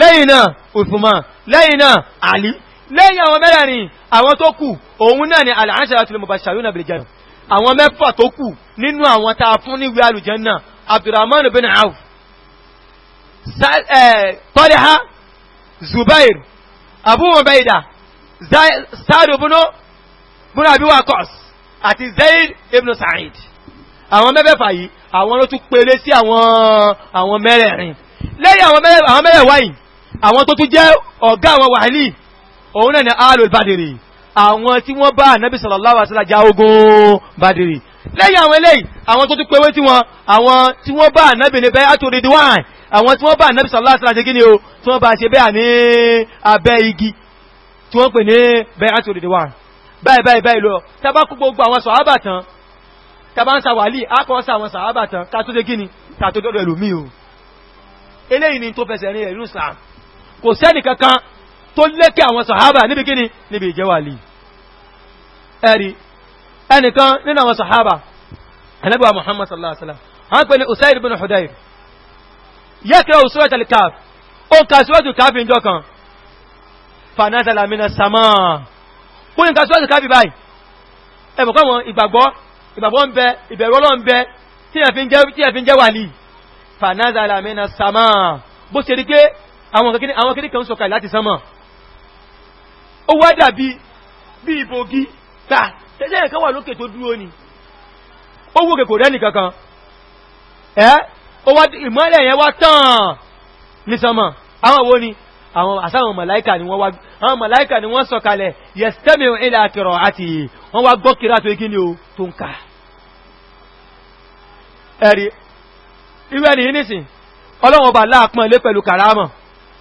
lẹ́yìn náà Uthman lẹ́yìn náà Ali lẹ́yìn àwọn mẹ́rẹ̀ẹ̀rin àwọn tó kù òun náà ni al-asharatul mubashshiruna bil jannah àwọn mẹ́fà tó kù nínú àwọn tá a fún níwé alùjẹ́nà Abdurrahman bin Auf Talha Zubair Abu Ubaida Sa'd ibn Abi Waqqas àti Zaid ibn Sa'id àwọn mẹ́fẹ̀fà yìí àwọn ló tún pèlé sí àwọn mẹ́rẹ̀ẹ̀rin lẹ́yìn àwọn mẹ́rẹ̀ẹ̀wá yìí àwọn tó tún jẹ́ ọ̀gá àwọn wàhálì òun náà ni alul badiri àwọn tí wọ́n bá ànábì sallallahu alaihi wasallam jà ogun badiri lẹ́yìn àwọn eléyìí àwọn tó tún pèwé tí wọ́n àwọn tí wọ́n bá ànábì ní bẹ́ àtòrí díwáìn àwọn tí wọ́n bá ànábì sallallahu alaihi wasallam jẹ́ kí ni o tí wọ́n bá ṣe igi tí wọ́n pè ní bẹ́ àtòrí díwáìn báyìí báyìí báyìí lọ tàbá kú gbogbo àwọn sọ̀hábà tán tàbá ń sa wàlí àkọ́sà àwọn sọ̀hábà tán ká tó dé kí ni ká tó dọ́dọ̀ ẹlòmíì o fẹsẹ̀ rin ẹ̀rú sàn kò sẹ́nì kankan tó lékè àwọn sàhábà níbi kíni níbi ìjẹ́wàlì ẹ̀rí ẹnìkan nínú àwọn sàhábà Ànábì wa Muhammad sallallahu alaihi wasallam a ń pè ní Usaid ibn Hudayr yẹ́kẹ́ òṣùwẹ́tà lè káàf ó ka síwájú káàfin jọ kan fanazala mina sama ó ní ka síwájú káàfin báyìí ẹ̀bùkọ́ wọn ìgbàgbọ́ ìgbàgbọ́ ń bẹ ìbẹ̀rù Ọlọ́run ń àwọn kéde kan sọ̀kà láti sánmà ó wá dàbí bí ìbògí ta tẹ́lẹ̀ ẹ̀kan wà lókè tó dúró ni ó wókè kò rẹ́nì kankan ẹ́ ìmọ́lẹ̀ yẹn wá tán ní sánmà àwọn wo ni àwọn àsáwọn màláíkà ni wọ́n wá àwọn màláíkà ni wọ́n sọ̀kalẹ̀ yẹ̀stẹ́mì ilẹ̀ àkẹrọ àti wọ́n wá gbọ́ kíra tó ikí ni o tó bá láàpọ̀ ilé pẹ̀lú kàrámọ̀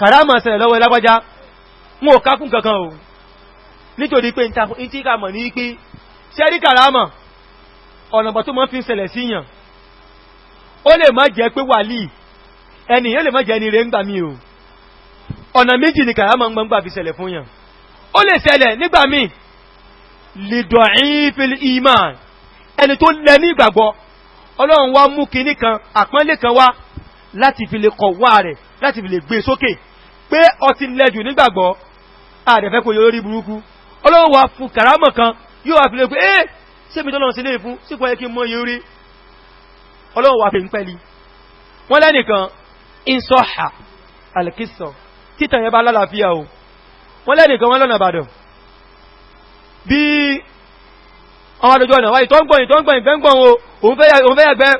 kàrámà ṣẹlẹ̀ lọ́wọ́ ẹlágbájá wọn ò kákún kankan o nítorí pé ìtí kàmọ̀ ní pé ṣẹ́rí kàrámà ọ̀nàbọ̀ tó máa fi ṣẹlẹ̀ síyàn ó lè má jẹ́ pé wàlí ẹniyàn lè má jẹ́ ni rẹ̀ ń gbà mí o ọ̀nà méjì ni kàrámà gbọ́ngbà fi ṣẹlẹ̀ fún yàn ó lè ṣẹlẹ̀ nígbà mí lidọ̀ífil iman ẹni tó láti fi lè kọ̀wá rẹ̀ láti fi lè gbé e sókè pé ọtí lẹ́jù nígbàgbọ́ àdẹ̀fẹ́ kò yọ lórí burúkú ọlọ́run wà fún kàrámọ̀ kan yóò wà fi lè pé ẹ́ eh, sẹ́mi tọ́lọ́run sí lè fún síkọ̀ ẹkí mọ́ yóò rí ọlọ́run wà fi ń pẹ́lì wọ́n lẹ́nìkan insọ́ha alkisọ títàn yẹn bá lálàáfíà o wọ́n lẹ́nìkan wọ́n lọ́nà àbàdàn bí ọmọ àdójọ ọ̀nà wáyé tó ń gbọ̀nyìn tó ń gbọ̀nyìn fẹ́ ń gbọ̀n o òun fẹ́ yàgbẹ́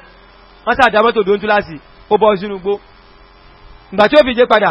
wọ́n sàdámọ́tò dóńtúlásì ó bọ́ sínú gbó ìgbà tí ó fi jẹ́ padà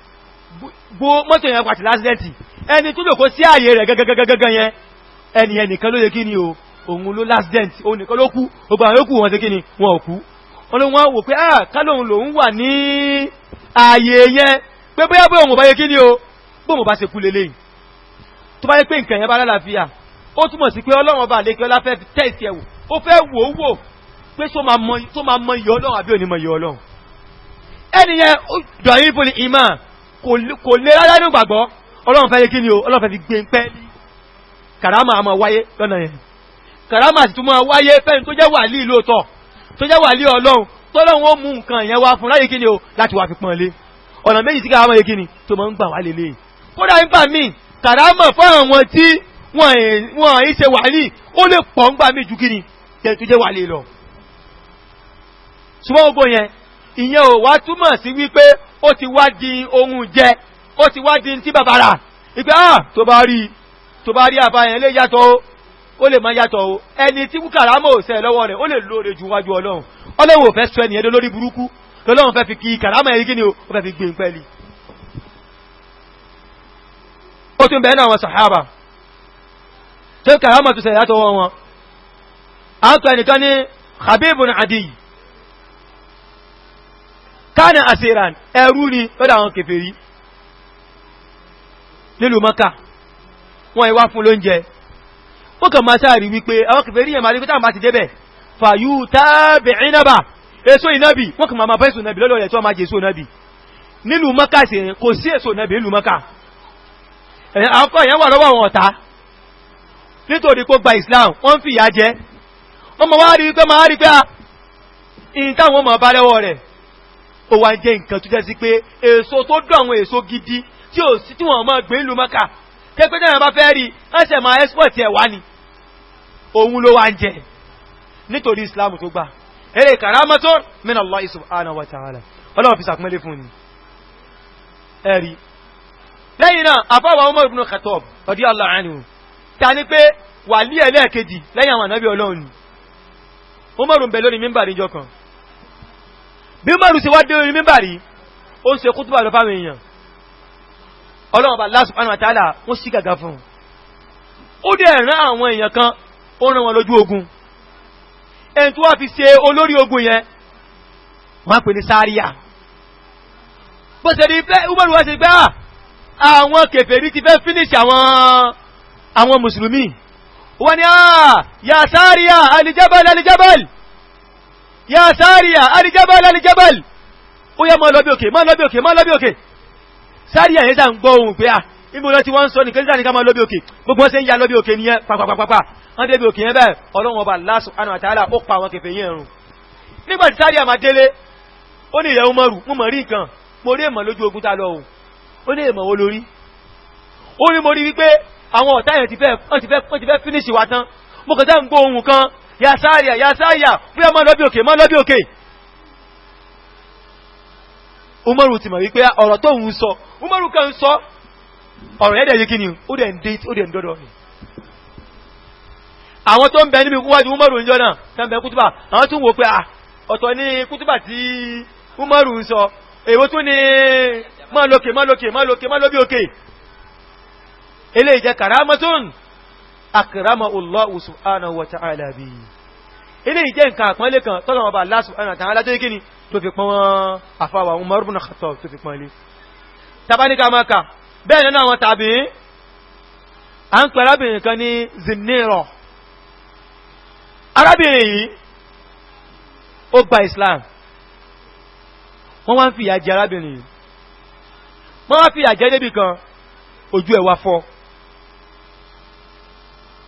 gbó mọ́tò yẹn pàtì lásìlẹ̀tì ẹni tó lòkó sí ààyè rẹ̀ gẹ́gẹ́gẹ́gẹ́gẹ́ yẹn ẹni ẹnìkan ló yẹ kí ni o òun ló lásìdẹ̀ntì òun nìkan ló kú ogun àwọn yòókù wọn sí kí ni wọn ò kú ah kálóhun lòun wà ní ààyè yẹn pé bóyá bóyá òun o bóun bá ṣe kú lélẹ́yìn tó bá yẹ pé nǹkan yẹn bá lálàáfíà ó túmọ̀ sí pé ọlọ́run ọba àlékẹ́ ọlá fẹ́ tẹ̀sí ẹ̀wò ó fẹ́ wò ó wò pé tó máa mọ iyọ̀ kò lè rárá ní ìgbàgbọ́ ọlọ́run fẹ́ kí ni o ọlọ́run fẹ́ fi gbé ń pẹ́ ní kàrámà àmọ́ wáyé lọ́nà yẹn kàrámà sì tún máa wáyé fẹ́ni tó jẹ́ wàlí lóòótọ́ tó jẹ́ wàlí ọlọ́run tọ́lọ́run ó mú nǹkan yẹn wá fún láyé kí ni o láti wà fi pọ́n lé ọ̀nà méjì tí kàrámà yẹ kí ni tó máa ń gbà wá lè lè ó ti wá di ohun jẹ ó ti wá di tí bàbàrà ìgbé ah tó bá rí tó bá rí àbáyẹn lè yàtọ̀ ó lè má yàtọ̀ o ẹni tí kàrámọ̀ òsẹ̀ lọ́wọ́ rẹ̀ ó lè lóore ju wájú ọlọ́run ọlọ́run ò fẹ́ sọ ẹni ẹdọ lórí burúkú lọ́lọ́run fẹ́ fi kí kàrámọ̀ ẹ̀rí gíní o ó fẹ́ fi gbé e pẹ́lì ó tún bẹ̀ẹ́ náà wọn sàhábà tí kàrámọ̀ tó sẹ̀ yàtọ̀ wọn wọn kánà àṣíràn ẹrú ni lọ́dọ̀ àwọn kèfèrí nílùú Mákà wọ́n ìwá fún lóúnjẹ ó kàn máa sáàrí wípé àwọn kèfèrí yẹn máa rí pé táàmà ti débẹ̀ fàyú tàbí ìnàbà èso ìnàbì wọ́n kàn máa bá èso ìnàbì lọ́dọ̀ rẹ̀ tó máa jẹ Islam wọ́n fìyà jẹ wọ́n máa wá rí pé máa rí pé ah, ó wá jẹ́ nǹkan tó jẹ́ sí pé èso tó dùn àwọn èso gidi tí ò sí tí wọ́n máa gbé ìlú mọ́kà kẹ́pẹ́ náà bá fẹ́ rí ẹsẹ̀ máa export ẹ̀ wá ni òun ló wá ń jẹ nítorí Islam tó gbà eré karamatun min Allah subhanahu wa ta'ala ọlọ́run fi sàpínlẹ̀ fún ni ẹ̀rí lẹ́yìn náà àbáwà Umar ibn Khattab radiyallahu anhu ta ní pé wàlí ẹlẹ́ẹ̀kejì lẹ́yìn àwọn ànábì ọlọ́run Umar ń bẹ lórí mímbà níjọ kan bí mọ́rù sí wá dé orí mímbàrí ó ṣe kútùbà lọ fáwọn èèyàn ọlọ́run bá Allah subhanahu wa ta'ala wọ́n sí gàgà fún un ó dẹ̀ rán àwọn èèyàn kan ó rán wọn lójú ogun ẹni tó wá fi ṣe olórí ogun yẹn wọ́n pè ní sáríà bó ṣe rí pé ya sáríà alìjẹ́bẹ̀lì alìjẹ́bẹ̀lì ó yẹ máa lọ bí òkè máa lọ bí òkè máa lọ bí òkè sáríà yẹn sàn gbọ́ ohun pé à ìmúlọ tí wọ́n ń sọ nìkan sáà nìkan máa lọ bí òkè gbogbo ṣe ń ya lọ bí òkè nìyẹn pàpàpàpà wọ́n débi òkè yẹn bẹ́ẹ̀ ọlọ́run ọba Allah subhanahu wa ta'ala ó pa àwọn kẹfẹ́ yẹn rùn nígbà tí sáríà máa délé ó ní ìyẹn umaru mo mọ̀ rí nǹkan mo rí èmọ̀ lójú ogun tá lọ òun ó ní èmọ̀ wo lórí ó ní mo rí wípé àwọn ọ̀tá yẹn ti fẹ́ finish wa tán mo kàn sáà ń gbọ́ ohun kan ya sáàrìà ya sáàrìà fún ẹmọ lọ́bí òkè mọ́ lọ́bí òkè umaru ti mọ̀ wípé ọ̀rọ̀ tó ń sọ umaru kan sọ ọ̀rọ̀ yẹ́dẹ̀ yìí kíni ó dẹ̀ ń dé ó dẹ̀ ń dọ́dọ̀ ni àwọn tó ń bẹ níbi kúwájú umaru ń jọ náà tẹ́ ń bẹ ah, eléyìí jẹ́ kàrámọ́tún akìrámà Allahu subhanahu wa ta'ala bi ilé ìjẹ́ nǹkan àpọ́nlé kan tọ́lọ̀ ọba Allah subhanahu wa ta'ala tó kíni tó fi pọ́n wọn àfàwà Umar ibn Khattab tó fi pọ́n lé tabanika maka bẹ́ẹ̀ nínú àwọn tàbí a ń pẹ̀lú arábìnrin kan ní zinniro arábìnrin yìí ó gba Islam wọ́n wá ń fìyà jẹ arábìnrin yìí wọ́n wá fìyà jẹ débi kan ojú ẹ̀ fọ́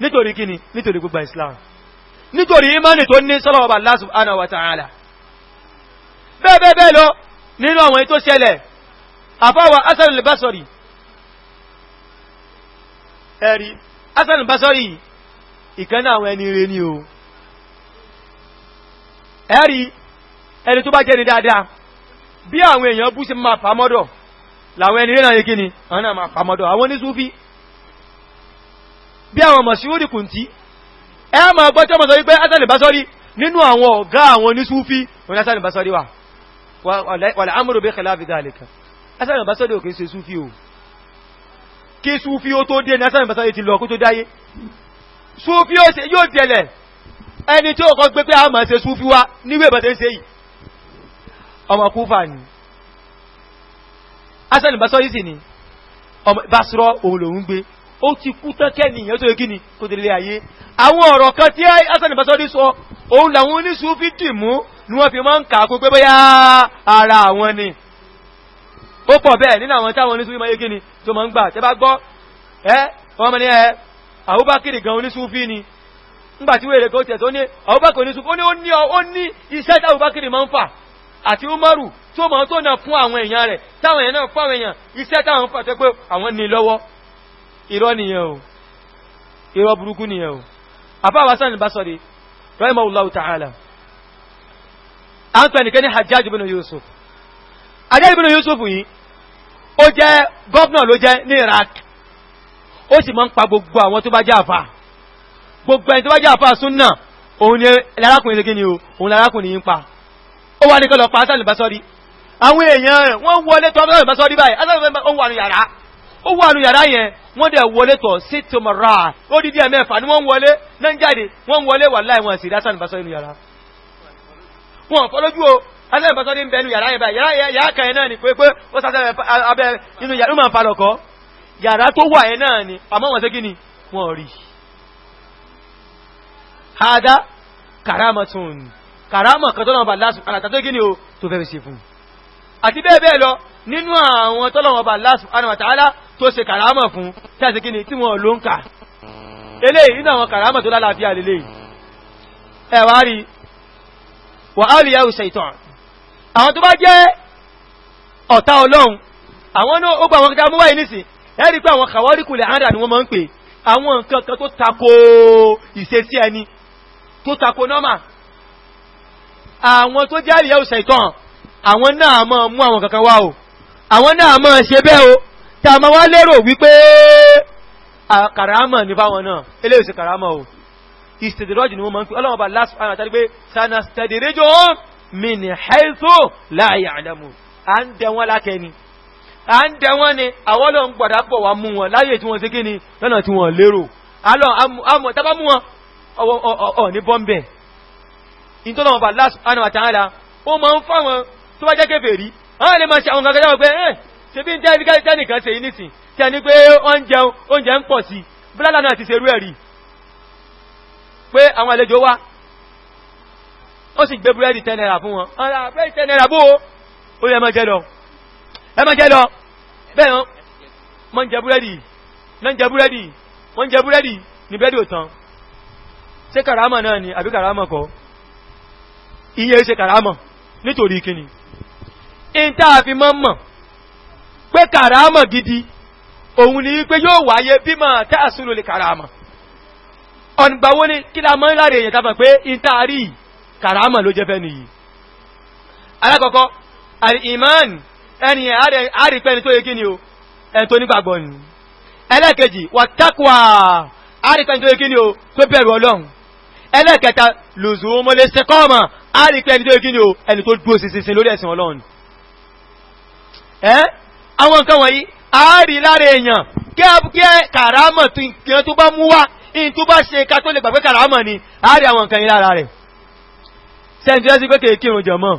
nítorí kíni nítorí gbogbo islam nítorí imani tó ní sọ́lọ́wọ́ Allah subhanahu wa ta'ala bẹ́ẹ̀bẹ́ẹ̀ lọ nínú àwọn ètò ṣẹlẹ̀ àfáwà Hasan al-Basri ẹ̀rí Hasan al-Basri ìkẹ́nà àwọn ẹni rẹ̀ ní o ẹ̀rí ẹni tó bá jẹ́ ni dáadáa bí àwọn èèyàn bú sí máa pàmọ́dọ̀ làwọn ẹni rẹ̀ náà yẹ kíni àwọn náà máa pàmọ́dọ̀ àwọn onísúfí bí àwọn mọ̀síwòdì kùn tí ẹ ma gbọ́ tí ọmọ sọ wípé Hasan al-Basri nínú àwọn ọ̀gá àwọn ní Súfí wọn Hasan al-Basri wà wàlẹ̀ amúrò bí khilafi dhalika o kí Súfí ó tó dé ní Hasan al-Basri ti lọ kó tó dáyé Súfí ó wa níwé bẹ̀tẹ̀ ṣe yìí ọmọ Kúfà ni Hasan al lòun gbé ó ti kú tán kẹ́nìyàn tó yẹ kí ni kò délé ayé àwọn ọ̀rọ̀ kan tí Hasan Basri sọ òun làwọn oníṣù fi dìmú ni wọ́n fi máa ń kà pé bóyá ara àwọn ni ó pọ̀ bẹ́ẹ̀ nínú àwọn táwọn oníṣù fi máa yé kí ni tó máa ń gbà tẹ́ bá gbọ́ ẹ́ wọ́n mọ̀ ní ẹ Abubakar gan oníṣù Umaru tó máa tó náà fún àwọn èèyàn rẹ̀ táwọn èèyàn náà fún àwọn irọ́ nìyẹn o irọ́ burúkú nìyẹn o àbáwá sáà ní bá sọ̀rọ̀ rahimahullahu ta'ala a ń pè nìkan ní hajjaj ibn yusuf hajjaj ibn yusuf yìí ó jẹ́ gọ́ọ̀nà ló jẹ́ ní iraq ó sì máa ń pa gbogbo àwọn tó bá jẹ́ àfà gbogbo ẹni tó bá jẹ́ àfà súnnà òun ni lárákùnrin lè gíní o òun lárákùnrin yìí ń pa ó wà nù yàrá yẹn wọ́n dẹ̀ wọlé tọ̀ sí tomara ó dídí ẹ̀mẹ́fà ni wọ́n wọlé náà jáde wọ́n wọlé wà láì wọn sí dásán ìbásọ́ inú yàrá wọn fọ́lójú o dásán ìbásọ́ ní bẹnu yàrá yẹba yàrá kan yẹn náà ni pé pé ó sásẹ́ abẹ́ inú yàrá máa fa lọ́kọ́ yàrá tó wà yẹn náà ni àmọ́ wọn sí kíni wọn rí hada karamatun karamọ̀ kan tó náà bá lásùn àlàtà tó kíni o tó fẹ́ fi ṣe fún àti bẹ́ẹ̀ bẹ́ẹ̀ lọ nínú àwọn tọ́lọ̀wọ̀n bá Allah subhanahu wa ta'ala tó ṣe kàrámọ̀ fún tàbí kí ni tí wọ́n ló ń kà eléyìí nínú àwọn kàrámọ̀ tó lálàáfíà lélẹ̀ ẹ wá rí wà áwìyà ṣaitan àwọn tó bá jẹ́ ọ̀tá ọlọ́run àwọn náà ó gbà wọn kẹta múwáyé nísìn ẹ rí pé àwọn kàwáríkùlẹ̀ tó jẹ́ àríyá ṣaitan àwọn náà máa mú àwọn kankan wá o àwọn náà máa ṣe bẹ́ẹ̀ o ta ma wá lérò wípé kàrámà ní fáwọn náà eléyìí sí o ìsìdìrọ́jì ni wọ́n máa ń fi ọlọ́wọ́ba last hour àtàrí pé sanastadirijuhum min haythu la ya'lamun à ń dẹ wọ́n lákẹ́ ni à ń ni àwọn lọ ń gbọ̀dá pọ̀ wá mú wọn láyé tí wọ́n sí kíni lọ́nà tí last hour àtàrí ó máa ń fáwọn tó bá jẹ́ kèfèrí àwọn lè máa ṣe àwọn kankan dáwọn pé ẹ́ ṣe bí tẹ́nìkan ṣe ìnísìn tí a ní pé oúnjẹ ń pọ̀ sí bílálà náà ti ṣerú ẹ̀rí pé àwọn àlejò wá ó sì gbé búrẹ́dì 10 naira fún wọn ara ah, búrẹ́dì 10 naira bó ó lè ẹmọ jẹ lọ ẹmọ jẹ lọ bẹ́ẹ̀ wọ́n ń jẹ búrẹ́dì náà ń jẹ búrẹ́dì wọ́n ń jẹ búrẹ́dì ní búrẹ́dì òtán ṣé kàrámọ̀ náà ni àbí kàrámọ̀ kọ́ iye ṣe kàrámọ̀ nítorí kíni in tá a fi mọ́ mọ̀ pé kàràmọ̀ gidi òun ni wípé yóò wáyé bí mọ̀ tá a súnlò lè kàràmọ̀ ọ̀nìgbàwó ni kí la mọ́ ń láre èyàn tàbí pé in tá a rí kàràmọ̀ ló jẹ́ nìyí alákọ̀ọ́kọ́ al-iman ẹni àrípẹ́ni tó ni o ẹni tó nígbàgbọ́ ni ẹlẹ́kẹ̀jì wà yẹ kí ni o tó bẹ̀rù ọlọ́run ẹlẹ́kẹta lòzùmọ́lẹ́sẹ̀kọ́ọ̀mọ̀ àrípẹ́ni tó ni o ẹni tó dúró ẹ́ àwọn nǹkan wọ̀nyí àárí lára èèyàn kí ẹ kàrámọ̀ tí nǹkan tó bá mú wá in tó bá ṣe ká tó lè gbàgbé kàrámọ̀ ni àárí àwọn nǹkan yìí lára rẹ̀ sẹ́ntì ẹ́sí pé kéèkìrùn jọmọ́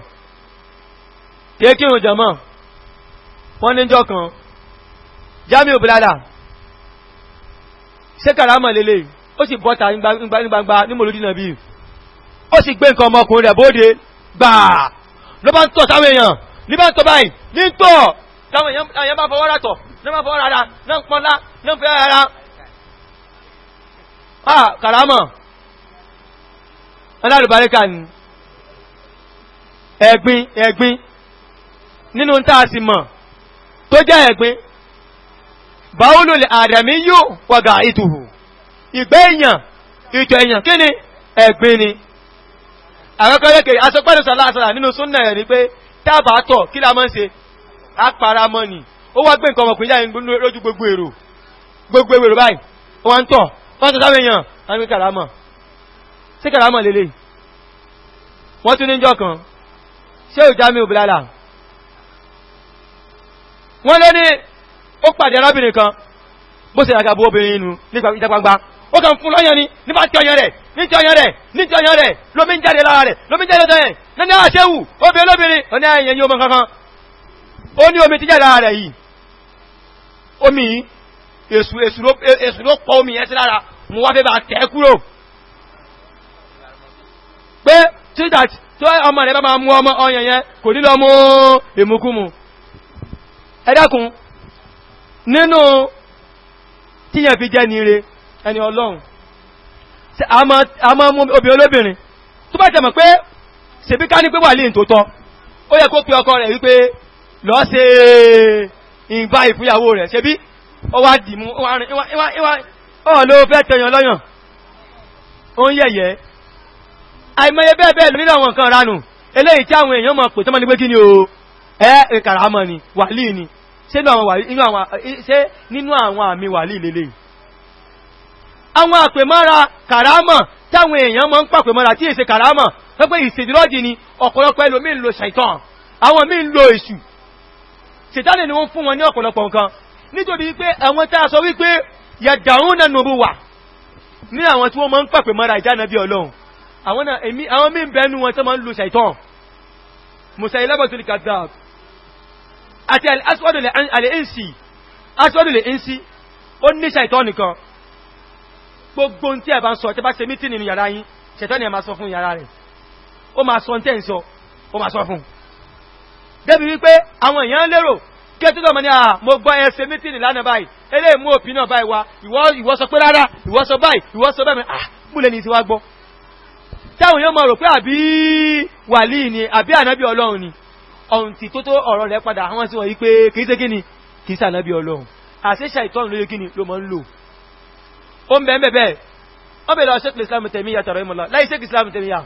kéèkìrùn jọmọ́ wọ́n ní jọ kan Jamiu Blada ṣé kàrámọ̀ lélẹ̀ ó sì bọ́ta nígbàgbà ní mòlúdínà bíi ó sì gbé nǹkan ọmọkùnrin rẹ̀ bóde gbàá ló bá ń tọ́ sáwọn èèyàn níbàtọ̀ báyìí nítọ̀ táwọn èèyàn bá fọwọ́ rátọ̀ náà bá fọwọ́ rárá náà pọ́nlá náà fẹ́ rárá ah kàrámọ̀ alárùbáríkà ni ẹ̀gbin ẹ̀gbin nínú táà sì mọ̀ tó jẹ́ ẹ̀gbin báwọ́lù àdàmí yóò wọ́gà ìtùhù ìgbẹ́ èèyàn ìjọ èèyàn kí ni ẹ̀gbin ni àkọ́kọ́ lẹ́kẹ̀ẹ́ asọ́pẹ́lẹ̀ sọ́lá àsọ́lá nínú súnnà rẹ̀ ni pé tábà tọ̀ kí la máa ń ṣe apara mọ́ ni ó wá gbé nǹkan ọmọkùnrin jáde lójú gbogbo èrò gbogbo èrò báyìí wọ́n ń tọ̀ wọ́n tọ́ sáwọn èèyàn wọ́n ń gbé kàrámọ̀ sí kàrámọ̀ lélẹ̀ wọ́n tún níjọ́ kan ṣé ò jámi òbílálà wọ́n lé ní ó pàdé arábìnrin kan bó ṣe àgàbò obìnrin níjọ yan rẹ̀ níjọ yan rẹ̀ lómi ń jáde lára rẹ̀ lómi ń jáde lọ́dọ̀ yẹn nínú àṣẹwù obìnrin lóbìnrin ọ̀nà ẹ̀yẹn yóò mọ kankan ó ní omi ti jáde lára rẹ̀ yìí omi yìí èsù ló pọ̀ omi yẹn sí lára mo wá fẹ́ bá kúrò pé tí that tó ọmọ rẹ̀ bá máa mú ọmọ ọyàn yẹn kò nílọ mú èmùkúmù ẹ dákun nínú tíyàn fi a máa mú obìnrin olóbìnrin tó bá tẹ̀mọ̀ pé ṣèbí ká ní pé wà lè tó tọ́ ó yẹ kó pe ọkọ rẹ̀ wípé lọ ṣe ìgbà ìfúyàwó rẹ̀ ṣebí ó wá dìmú ó ló fẹ́ tẹ̀yàn lọ́yàn ó ń yẹ̀yẹ́ àìmọye bẹ́ẹ̀ bẹ́ẹ̀ lórí àwọn nǹkan ránù eléyìí tí àwọn èèyàn mọ̀ pè tọ́mọ́ ní pé kí ni o ẹ́ ìkàràmọ̀ ni wàlíì ni ṣé nínú àwọn àmì wàlíì lélẹ́yìí àwọn àpèmọ́ra kàrámọ̀ táwọn èèyàn mọ́ ń pàpèmọ́ra tí èsè kàrámọ̀ pẹ́pẹ́ ìsèdírọ́jì ni ọ̀pọ̀lọpọ̀ ẹlòmí ń lo ṣàìtàn àwọn míì ń lo èṣù ṣètánì ni wọ́n fún wọn ní ọ̀pọ̀lọpọ̀ nǹkan nítorí pé àwọn tá a sọ wípé yàdàrún náà nùbù wà ní àwọn tí wọ́n mọ́ ń pàpèmọ́ra ìjánabí ọlọ́run àwọn míì ń bẹnu wọn tó mọ́ ń gbogbo tí ẹ bá ń sọ tẹ bá ṣe mítìnì ní yàrá yín ṣẹ̀tánì ẹ máa sọ fún yàrá rẹ̀ ó máa sọ tẹ́ ń sọ ó máa sọ fún débi wípé àwọn èèyàn lérò kẹ́tí tọ́mọ ní àà mo gbọ́ ẹ ṣe mítìnì lánàá báyìí eléyìí mú òpin náà báyìí wa ìwọ sọ pé rárá ìwọ sọ báyìí ìwọ ah múlẹ̀ ní ti wá gbọ́ táwọn yóò mọ̀ ni àbí ànábì ọlọ́run ni ọ̀hún ti tó tó ọ̀rọ̀ rẹ̀ padà àwọn sí wọ̀nyí pé kìí ṣe kíni kìí ṣànábì ọlọ́run ó ń bẹ̀ẹ́ bẹ̀ẹ́ wọ́n bẹ̀rẹ̀ ọ̀ṣẹ́ kìlì islam tẹ̀mí yàtọ̀ rẹ̀ mọ́lá láì ṣe kìlì islam tẹ̀mí yà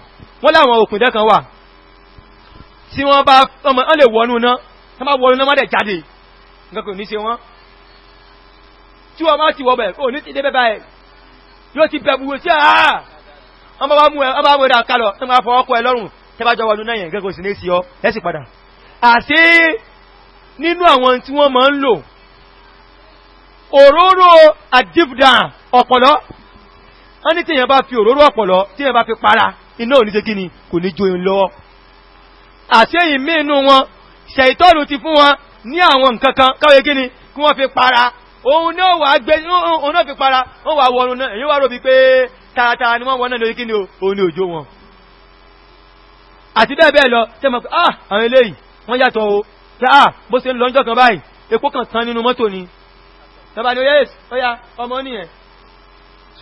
wọ́n láwọn òkùn dẹ́ kan wà tí wọ́n bá ọmọ ọ lè wọnú náà tó bá wọnú náà má dẹ̀ jáde nǹkan kò ní ṣe wọ́n tí wọ́n bá ti wọ́ bẹ̀ kò ní ti dé bẹ́ẹ̀ báyẹ̀ yóò ti bẹ̀ buwo sí àá ọmọ bá mú ẹ ọmọ bá mú ẹ dà kálọ̀ fọwọ́ kọ ẹ lọ́rùn tẹ́ wọ́n máa ń ọ̀pọ̀lọ́ wọ́n ní tíyàn bá fi òróró ọ̀pọ̀lọ́ tíyàn bá fi para iná ò ní ṣe kí ni kò ní jó lọ́wọ́ àti èyí mínú wọn ṣẹ̀ìtọ́nù ti fún wọn ní àwọn nǹkan kan kí ni kí wọ́n fi para òun náà wà gbé òun fi para wọ́n wà wọnú náà èyí wà rò bí pé tààtà ni wọ́n wọ́n náà lórí kí ni òun ah àwọn eléyìí wọ́n yàtọ̀ o pé ah bó ṣe ń lọ ọjọ́ kan báyìí epo kan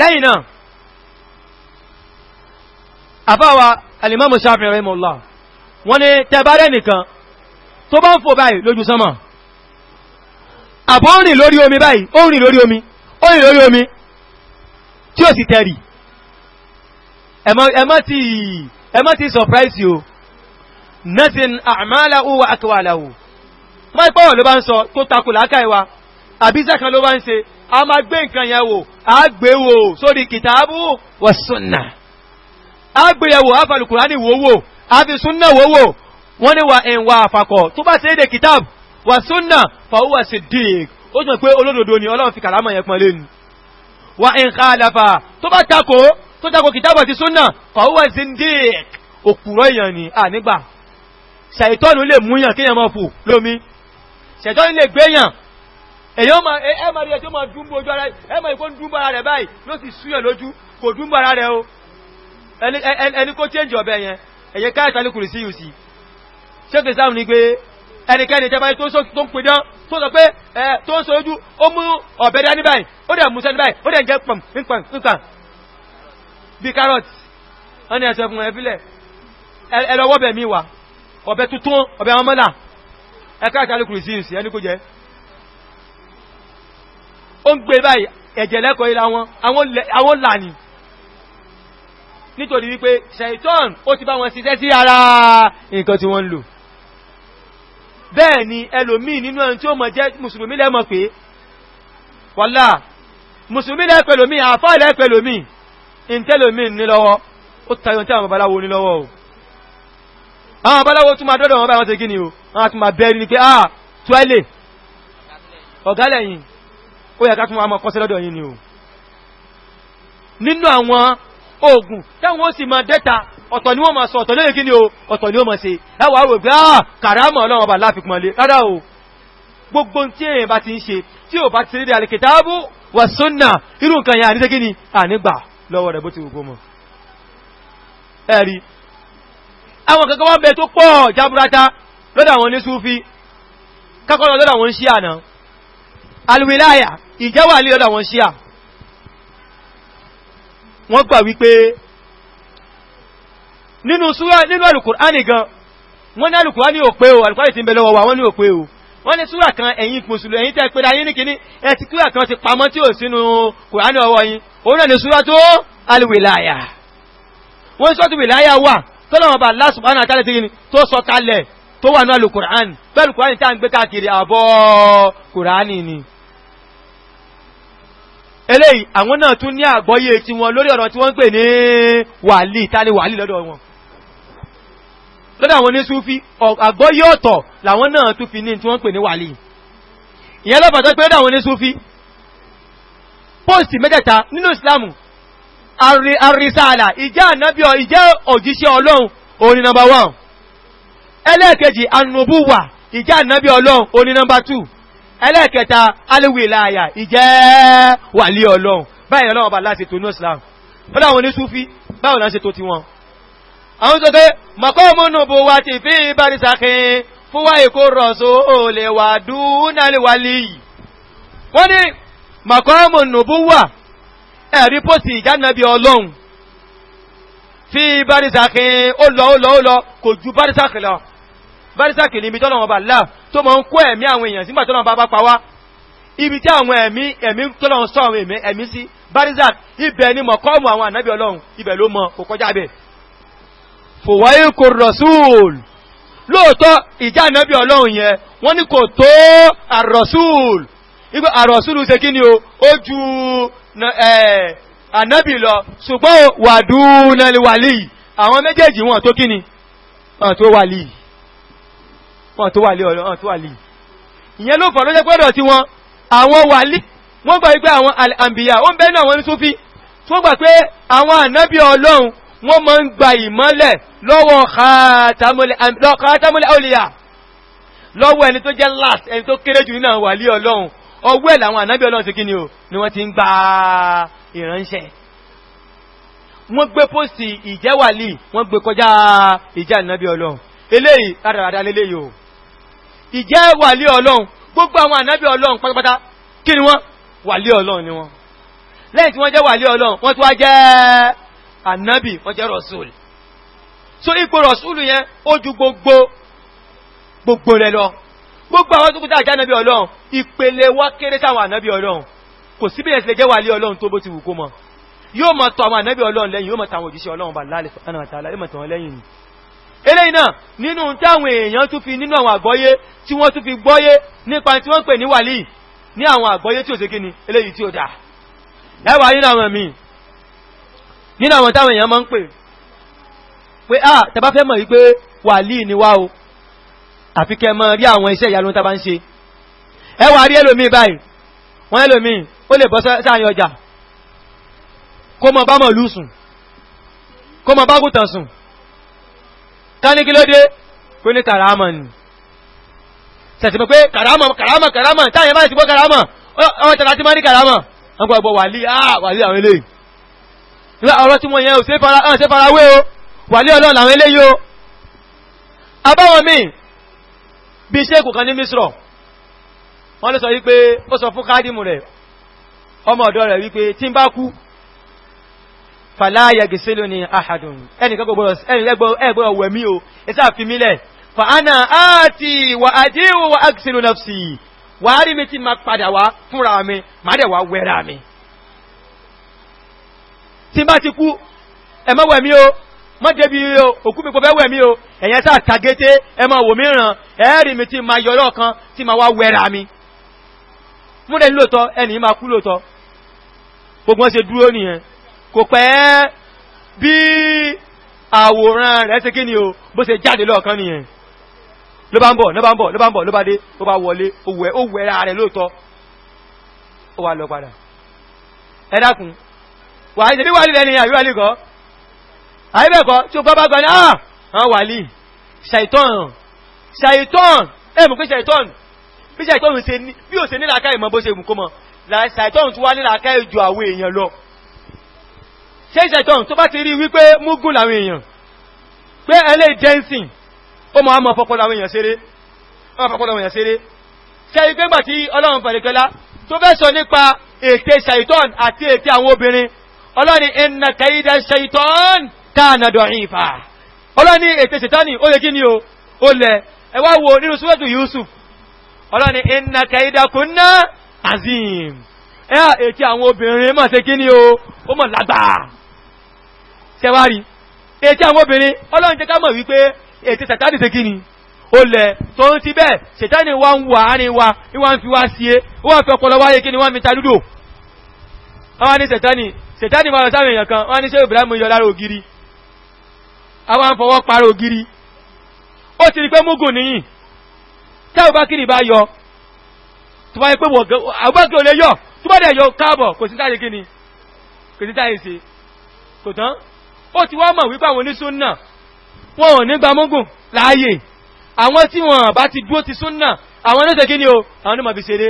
lẹ́yìn náà àfáwà alimamu Shafi'i rahimahullah wọ́n ní tẹbárẹ́ nìkan tó bá ń fò báyìí lójú sánmà àbọ́ rìn lórí omi báyìí ó rìn lórí omi ó rìn lórí omi tí ó sì tẹ̀rì ẹ má ti surprise o nothing a'malahu wa aqwalahu mọ́ ipọ́wọ̀ ló bá ń sọ tó takò lákàíwa àbíṣẹ́ kan ló bá ń ṣe a máa gbé nǹkan yẹn wò àgbéwò sórí kìtàbù wà súnà àgbéyẹ̀wò àfàlùkùránì wòwò àfi súnà wòwò wọ́n ni wà ẹ̀wà àfàkọ̀ tó bá ṣe é dé kìtàbù wà súnà fàúwà sí dìk ó jùn pé olódodo ni ọlọ́run fi kàlámà yẹn pọ̀n lẹ́nu wà ń ká àlàfà tó bá takò tó takò kìtàbù àti súnà fàúwà sí dìk òkúrọ̀ èèyàn ni èyàn ma ẹ ma rí ẹ tó ma ojú ara ẹ ma ìkó ń dúnbó ara rẹ̀ báyìí ló sì súyẹ̀ lójú kò dúnbó ara rẹ̀ o ẹni kó change ọ̀bẹ yẹn ẹ̀yẹ káyẹ̀ta ní kùrì sí yìí sí ṣẹ́kì sáàmù ní pé ẹnikẹ́ni tẹ́bá tó ń pè dán tó sọ pé ẹ tó ń sọ ojú ó mú ọ̀bẹ dání báyìí ó dẹ̀ mú sẹ́ni báyìí ó dẹ̀ jẹ́ pọ̀m nǹkan nǹkan bí carrot wọ́n ní ẹ̀sẹ̀ fún ẹ̀fílẹ̀ ẹlọ́wọ́bẹ̀ mi wà ọ̀bẹ tuntun ọ̀bẹ ọmọlà ẹ̀ká ìtàlùkùrì sí yìí ẹni kó jẹ́ ó ń gbé báyìí ẹ̀jẹ̀ lẹ́kọ̀ọ́ ìlà wọn àwọn lànì nítorí wípé ṣẹ̀tọ́n ó ti bá wọn ṣiṣẹ́ sí ara nǹkan tí wọ́n ń lò bẹ́ẹ̀ ni ẹlòmíì nínú ẹni tí ó mọ̀ jẹ́ mùsùlùmí lẹ́mọ̀ pé wọ́lá mùsùlùmí lẹ́pẹ̀lòmí àfá lẹ́pẹ̀lòmí ìntẹ́lòmí nílọ́wọ́ ó tayọ tí àwọn babaláwo nílọ́wọ́ o àwọn babaláwo tún máa dọ́dọ̀ wọn báyìí wọ́n ó yẹ ká tún wá mọ́ kọ́sẹ́ lọ́dọ̀ yìí ni o nínú àwọn oògùn táwọn ó sì máa dẹ́ta ọ̀tọ̀ ni wọ́n máa sọ ọ̀tọ̀ lóye kí ni o ọ̀tọ̀ ni ó máa ṣe ẹwà rò pé àà ah, kàrámọ̀ ọlọ́run ọba rárá o gbogbo tí èèyàn bá ti ń ṣe tí ò bá ti rí dé wà súnà irú nǹkan yẹn ni ànígbà lọ́wọ́ rẹ̀ bó ti gbogbo mọ̀ ẹ̀rí àwọn kankan wọ́n bẹ tó pọ̀ jaburata lọ́dọ̀ àwọn ìjẹ́wà alí lọ́dọ̀ àwọn ṣíà wọ́n gbà wípé nínú súra nínú alùkùránì gan wọ́n ní alùkùránì ò pé o alùkùránì ti ń bẹ lọ́wọ́ wa wọ́n ní ò pé o wọ́n ní súra kan ẹ̀yin ìpòsùlù ẹ̀yin tẹ́ pé ayé ní kíní ẹ̀ ti súra kan ti pamọ́ tí ò sínú kùránì ọwọ́ yín òun náà ní súra tó alùwìláyà wọ́n sọ́tù wìláyà wà tọ́lọ́wọ́n ni eléyìí àwọn náà tún ní àgbọ́yé tí wọn lórí ọ̀rọ̀ tí wọ́n ń pè ní wàlí ta ni wàlí lọ́dọ̀ wọn lọ́dọ̀ àwọn ní súfí àgbọ́yé ọ̀tọ̀ làwọn náà tún fi ní tí wọ́n ń pè ní wàlí ìyẹn lọ́pàá pé lọ́dọ̀ àwọn ní súfí póòsì mẹ́tẹ̀ta nínú ìsìlámù àrísàlà ìjẹ́ ànábíọ̀ ìjẹ́ òjíṣẹ́ ọlọ́run oní nọmba 1 ẹlẹ́ẹ̀kejì ànùbúwà ìjẹ́ ànábíọ̀ ọlọ́run oní nọmba 2 ẹlẹ́ẹ̀kẹta alẹ́wìláyà ìjẹ́ wàlí ọlọ́run báyìí ọlọ́run bá láti tó ní islam ó dáwọn ní súfí báwọn láti tó ti wọn àwọn tó tẹ́ mọ̀kọ́mọ́nù bó wá ti fi ìbárisàkín fún wá ìkó rọ̀sọ olè wà dúnàlẹ́wàlì yìí wọ́n ní mọ̀kọ́mọ́nù ju bárisàkín lọ bárísàkì níbi tọ́lọ̀ ọba láà tó mọ́ ń kó ẹ̀mí àwọn èèyàn sígbà tọ́lọ̀ bá bá pa wá ibi tí àwọn ẹ̀mí ẹ̀mí tọ́lọ̀ sọ àwọn ẹ̀mí sí bárísàk ibẹ̀ ni mọ̀kọ́mù àwọn ànábì ọlọ́run ibẹ̀ ló mọ kò kọjá bẹ̀ fòwáyé kò rọ̀súùl lóòótọ́ ìjà ànábì ọlọ́run yẹn wọ́n ní kò tó àrọ̀súùl igbó àrọ̀súùl ṣe kí ni o ó àwọn méjèèjì wọn tó kí ni wọn tó wọn tó wà lé ọ̀rọ̀ tó wà lè ìyẹn ló fà ló jẹ́ pẹ́rọ tí wọn àwọn wà lé wọ́n gbà wípé àwọn àmbìyà ó ń bẹ́ náà wọ́n ní súnfí tí wọ́n gbà pé àwọn ànábì ọlọ́run wọ́n máa ń gba ìmọ́lẹ̀ lọ́wọ́ kàátàmúlẹ̀ àwòlìyà lọ́wọ́ ẹni tó jẹ́ last ẹni tó kéré jù nínú wà lé ọlọ́run ọwọ́ ẹ̀ làwọn ànábì ọlọ́run ti kí ni o ni wọ́n ti ń gba ìránṣẹ́ wọ́n gbé pósìtì ìjẹ́wàlì wọ́n gbé kọjá ìjẹ́ ànábì ọlọ́run eléyìí rádaràdá léléyìí o ìjẹ́ wàlí ọlọ́run gbogbo àwọn ànábì ọlọ́run pátápátá kí ni wọ́n wàlí ọlọ́run ni wọ́n lẹ́yìn tí wọ́n jẹ́ wàlí ọlọ́run wọ́n tí wá jẹ́ ànábì wọ́n jẹ́ rọ̀súlù so ipò rọ̀súlù yẹn ó ju gbogbo gbogbo rẹ̀ lọ gbogbo àwọn tó kú dáa jánábì ọlọ́run ìpele wá kéré sáwọn ànábì ọlọ́run kò sí bí ẹ̀sìn lè jẹ́ wàlí ọlọ́run tó bó ti wù kó mọ yóò mọ tọ àwọn ànábì ọlọ́run lẹ́yìn yóò mọ tàwọn òjíṣẹ́ ọlọ́run bá lálẹ́ fún yóò mọ tàwọn lẹ́yìn ni Ele náà nínú táwọn èèyàn tún fi nínú àwọn àgbọ́yé tí wọ́n tún fi gbọ́yé nípa tí wọ́n pè ní wàlí ní àwọn àgbọ́yé tí ò ṣe kí ni eléyìí tí ó dà ẹwà nínú àwọn míì nínú àwọn táwọn èèyàn máa ń pè pé à tẹbá fẹ́ mọ̀ wípé wàlí ni wá o àfi kẹ́ mọ rí àwọn iṣẹ́ ìyanu tá bá ń ṣe ẹwà rí ẹlòmíì báyìí wọ́n ẹlòmíì ó lè bọ́ sáàyàn ọjà kó mọ bá mọ̀ lùsùn kó mọ bá sùn ká ní kí ló dé kó ní karama ni sẹ̀tìmọ̀ pé kàrámà karama kàrámà táyẹ̀ máa ti bọ́ karama ọwọ́ tàbí àti máa ní kàrámà ọgbọ̀ ọgbọ̀ wàlí àwàlí ah, àwọn eléyìí ọ̀rọ̀ tí wọ́n yẹn ò ṣe farawé o wàlí ọlọ́run làwọn eléyìí o abáwọn míì bí ṣéèkù kan ní misrọ̀ fàláyà gẹ̀sẹ́lò ní àhàdùn ẹnìkẹ́gbọ́gbọ́ wẹ̀mí o ẹsẹ́ àfimílẹ̀ fa'ana àti wà àdíwò wà àgẹ̀sẹ́lò nafsi wà á rí mi tí ma padà wá fúnra mi ma dẹ̀ wà wẹ́ra mi tí bá ti kú ẹmọ́ wẹ̀mí o mọ́ débi òkú mi pọ̀fẹ́ wẹ̀mí o ẹ̀yẹn sáà tàgété ẹmọ́ wò mìíràn ẹ̀ẹ́rì mi tí ma yọ̀rọ̀ kan kò pẹ́ bí àwòrán rẹ̀ ṣe kí ni o bó ṣe jáde lọ́ọ̀kan nìyẹn ló bá ń bọ̀ ló bá ń bọ̀ ló bá ń bọ̀ ló bá dé ó bá wọlé ó wẹ̀ ó wẹ̀ ra rẹ̀ lóòótọ́ ó wà lọ padà ẹ dákun wà á ṣe bí wàlí rẹ̀ ni àbí wàlí kọ́ àbí bẹ́ẹ̀ kọ́ tí o bá bá ni ah ṣe ìṣẹ̀tàn tó bá ti rí wípé múgùn làwọn èèyàn pé ẹlẹ́ jẹ́nsìn ó mọ̀ àmọ́ fọ́pọ̀ làwọn èèyàn ṣeré ṣe ìgbé gbà tí ọlọ́run pẹ̀lẹ̀kẹ́lá tó fẹ́ sọ nípa ète ṣàìtàn àti ète àwọn obìnrin ọlọ́ni inna kaida ṣàìtàn kana da'ifa ọlọ́ni ète ṣàìtàn ó lè kí ni o ó lẹ ẹ wá wo nínú suratu Yusuf ọlọ́ni inna kaida kunna azim ẹ́ ète àwọn obìnrin mọ̀ sí kí ni o ó mọ̀ lágbàá tẹwárí ètí àwọn obìnrin ọlọ́run jẹ́ ká mọ̀ wípé ètí sẹ̀tánì ṣe kíni ó lẹ̀ tó ń ti bẹ́ẹ̀ sẹ̀tánì wá ń wà árin wa ní wọ́n fi wá sí é e. ó wà fẹ́ ọpọlọ wáyé kí ni wọ́n mi ta lúdò wọ́n ní sẹ̀tánì sẹ̀tánì máa sáwọn èèyàn kan wọ́n ní ṣé Ibrahim kò tán ó ti wá mọ̀ wípé àwọn onísúnnà wọn ò ní gba mógùn láàyè àwọn tí wọn bá ti dúó ti súnnà àwọn oníṣẹ́ kí ni o àwọn onímọ̀ fi ṣeré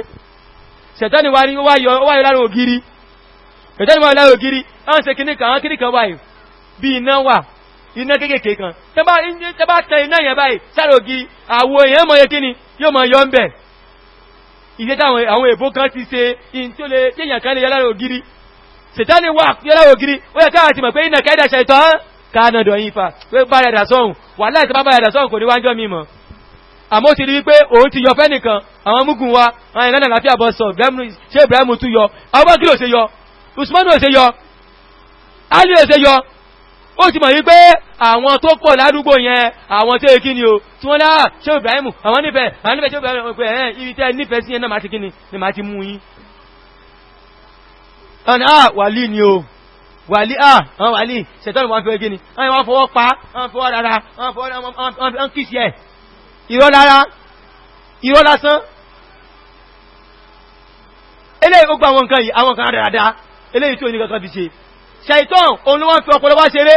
ṣẹ̀tẹ́ni wáyé lára ògiri ṣẹ̀tẹ́ni wáyé lára ògiri àwọn ṣe kíníkà àwọn kíníkà wáyé bí iná wà iná kéèkéé kan tẹ́bá tẹ iná yẹn báyìí sára ògiri àwọ èèyàn mọ̀ yẹ kí ni yóò mọ̀ yọ ń bẹ̀ ìdẹ́tàwọn ògiri sètáni wà yọ́lá ògiri ó yẹ káàtì mọ̀ pé iná kẹ́dà ṣẹ̀tọ́ kánàdọ̀ yìí fa pé bá yàdà sọ́hun wà láti bá yàdà sọ́hun kò ní wájọ́ mi mọ̀ àmọ́ ti rí wípé òun ti yọ fẹ́ nìkan àwọn múgun wa àwọn ìlànà Usmanu ò ṣe Ali ò ṣe yọ ó ti mọ̀ wípé àwọn tó pọ̀ ládùúgbò yẹn àwọn tó kí ni o tí wọ́n láà ṣé ah, Ibrahim àwọn nífẹ̀ẹ́ àwọn ni máa ọ̀nà à ah, wàlí ni o wàlí ah, à ọ̀n wàlí ṣẹ̀tọ́nù wọn fẹ́ gíní ọ̀n wọn fọwọ́ pa ọ̀n fọwọ́ rárá ọ̀n kìí ṣe ìrọ́ rárá ìrọ́ lásán eléyìí ó gba àwọn nǹkan yìí àwọn kan dáadáa eléyìí tí ò ní kankan fi ṣe ṣàìtàn òun ló wọ́n fi ọpọlọ wá ṣeré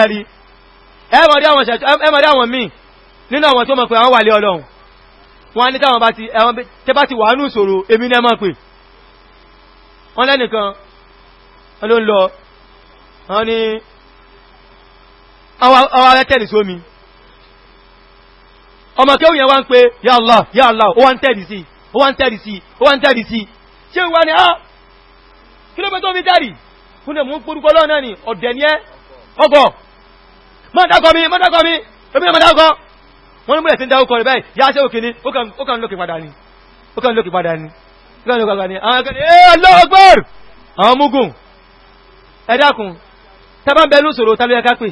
ẹ̀rí ẹmọ̀dé àwọn míì nínú àwọn tó mọ̀ pé àwọn wà lé ọlọ́run wọ́n ní táwọn bá ti wà nù ìṣòro èmi ní ẹmọ́ pè wọ́n lẹ́nìkan ló ń lọ wọ́n ní ọwọ́ rẹ̀ tẹ̀lì sómi ọmọ kéwù yẹn wá ń pé ya Allah ya Allah ó wá ń tẹ̀lì sí ó wá ń tẹ̀lì sí ó wá ń tẹ̀lì sí ṣé wá ní á kí ló pẹ́ tó fi tẹ̀lì fún ẹ̀mú pórúkọ lọ́nà ni ọ̀dẹ̀ ni ẹ́ ọgọ̀ mọ́dákọ́ fẹ́ẹ̀lú kọ̀ọ̀kan ni àwọn akẹ́ni ẹ́ ọlọ́ọ̀gbọ́r àwọn mugun ẹ̀dàkùn tàbá bẹ̀lú sòrò tàbí ẹka pè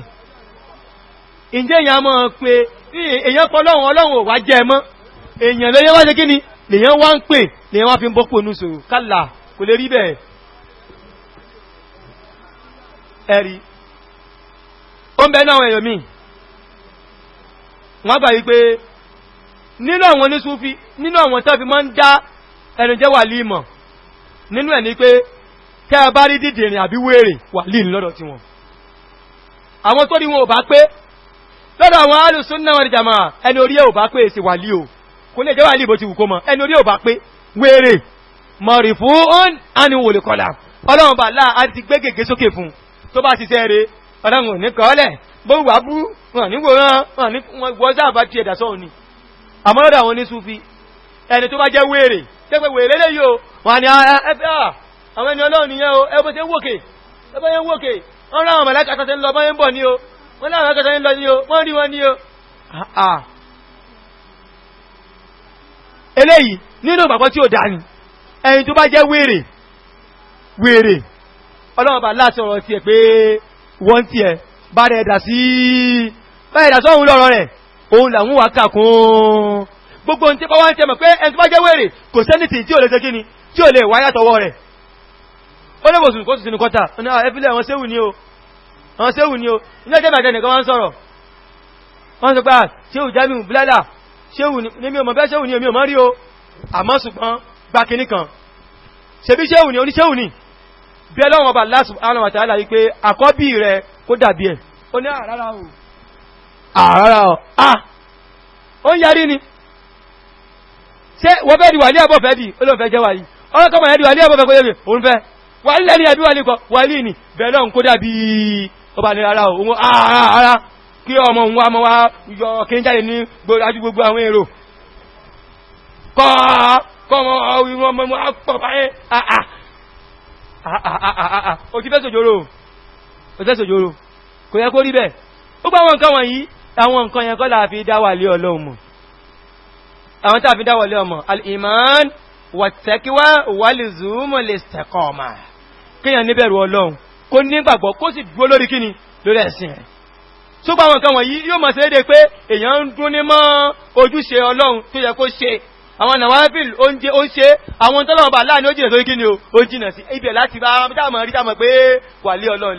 ǹjẹ́ èyàn mọ́ pé èyàn pọ̀ lọ́wọ́ ọlọ́wọ́ wà jẹ́ mọ́ èyàn lẹ́yàn wá ṣe kí ni lèyàn wá ń pè lèyàn wá fi ń bọ́pọ̀ nú sòrò kálà kò lè rí bẹ́ẹ̀ ẹ̀rí ó ń bẹ náà ẹ̀yọ̀ mi wọ́n gbà wípé nínú àwọn onísúfí nínú àwọn tàbí máa ń dá ẹni jẹ́ wàlí mọ̀ nínú ẹ̀ ní pé kẹ́ ẹ bá rí dídìrín àbí wèrè wàlí lọ́dọ̀ tí wọn àwọn tó rí wọn ò bá pé lọ́dọ̀ àwọn alùsùn náà wọn jàmà ẹni orí ẹ̀ ò bá pé èsì wàlí o kò lè jẹ́ wàlí ìbò ti wù kó mọ̀ ẹni orí ẹ̀ ò bá pé wèrè ẹni tó bá jẹ́ wèrè tẹ́pẹ́ wèrè lè yóò wà ní ah, ah, ah, àwọn ẹni ọlọ́run nìyẹn o ẹbọ́ tẹ́ wòkè ẹbọ́ yẹn wòkè wọ́n ráwọn mẹ́lẹ́kà kan tẹ́ ń lọ bọ́yẹ́ ń bọ̀ ní o wọ́n láwọn mẹ́lẹ́kà tẹ́ ń lọ ní o wọ́n rí wọn ní o eléyìí nínú ìgbàgbọ́ tí ó dá ni ẹni tó bá jẹ́ wèrè wèrè ọlọ́run bá láti ọ̀rọ̀ tiẹ̀ pé wọ́n tiẹ̀ bá rẹ̀ dà sí bá rẹ̀ dà sọ́hun lọ́rọ̀ rẹ̀ òun làwọn wà kàkún gbogbo ohun tí bá wá ń tẹ́mọ̀ pé ẹni tó bá jẹ́ wèrè kò sẹ́nìtì tí ò lè ṣe kí ni tí ò lè wáyàtọ̀wọ́ rẹ̀ ó lè wòsùn kó sì sínú kọ́ta ní ẹfílẹ̀ ah, àwọn séwù ah, kan ṣebí séwù ni oníṣéwù ni bí ọlọ́run ọba Allah subhanahu wa ta'ala yí pé àkọ́bí rẹ̀ kó dàbí ah, ah ó ń yarí ni ṣe wọ́n fẹ́ di wà ní àbọ̀fẹ́ di olóòfẹ́ jẹ́ wà yìí ọlọ́kọ̀mọ̀ di wà ní àbọ̀fẹ́ fẹ́ wà ní ní wà ní ó nǹkan wọ̀nyí àwọn nǹkan yẹn kọ́ àwọn tí a fi dáwọlé ọmọ al'iman wàtẹ́kíwá wàlìzúmọ̀ lè sẹ̀kọ̀ọ̀mà kíyàn níbẹ̀rù ọlọ́run kó nígbàgbọ́ kó sì dúró lórí kíni lórí ẹ̀sìn rẹ̀ tó bá wọn kan wọ̀nyí yóò mọ̀ sẹ́rẹ́ pé èyàn ń dún ní mọ́ ojúṣe ọlọ́run tó yẹ kó ṣe àwọn nàwáfíìl oúnjẹ ó ń ṣe àwọn tọ́lọ̀ ọba láàrin ó jìnà sórí kíni ó wà lé ọlọ́run wà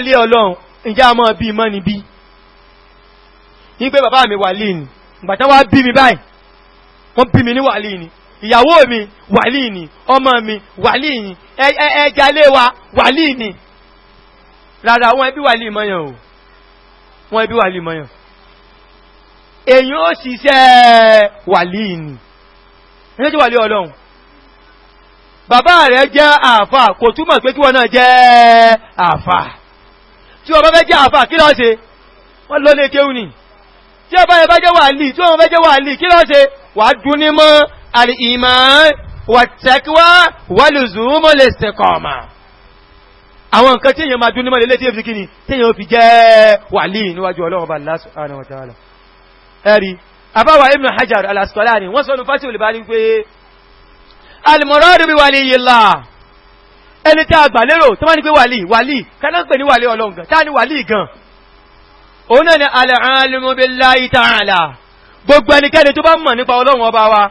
lé ọlọ́run ǹjẹ́ a máa bí mọ́ níbí ní pé bàbá mi wàlí ni ìgbàtá wá bí mi báyìí wọ́n bí mi ní wàlí ni ìyàwó mi wàlí ni ọmọ mi wàlí ni ẹja lé wa wàlí ni rárá wọn ẹbí wàlí mọ́yàn o wọn ẹbí wàlí mọ́yàn èyàn ó ṣiṣẹ́ wàlí ni ẹjọ́ tí wàlí ọlọ́run bàbá rẹ̀ jẹ́ àfà kò túmọ̀ pé kí wọ́n náà jẹ́ àfà tí ọba fẹ́ jẹ́ àfà kí ló ṣe wọ́n lọ lè kéwù ni tí ọba yẹ bá jẹ́ wàlí tí ọba fẹ́ jẹ́ wàlí kí ló ṣe wà dún ní mọ́ al-iman wat-taqwa wal-luzum al-istiqama àwọn nǹkan tí èèyàn máa dún ní mọ́ lélé tí èèyàn fi kíni tí èèyàn fi jẹ́ wàlí níwájú ọlọ́run Allah subhanahu wa ta'ala ẹ̀rí àbáwà Ibn Hajar al-Asqalani wọ́n sọ́nu fásitì olùbá ní pé al-muradu bi waliyillah ẹni tí a gbà lérò tó máa ní pé wàlí wàlí kaná pè ní wàlí ọlọ́ǹgàn tá ní wàlí gan òun náà ni al-alimu billahi ta'ala gbogbo ẹnikẹ́ni tó bá mọ̀ nípa ọlọ́run ọba wa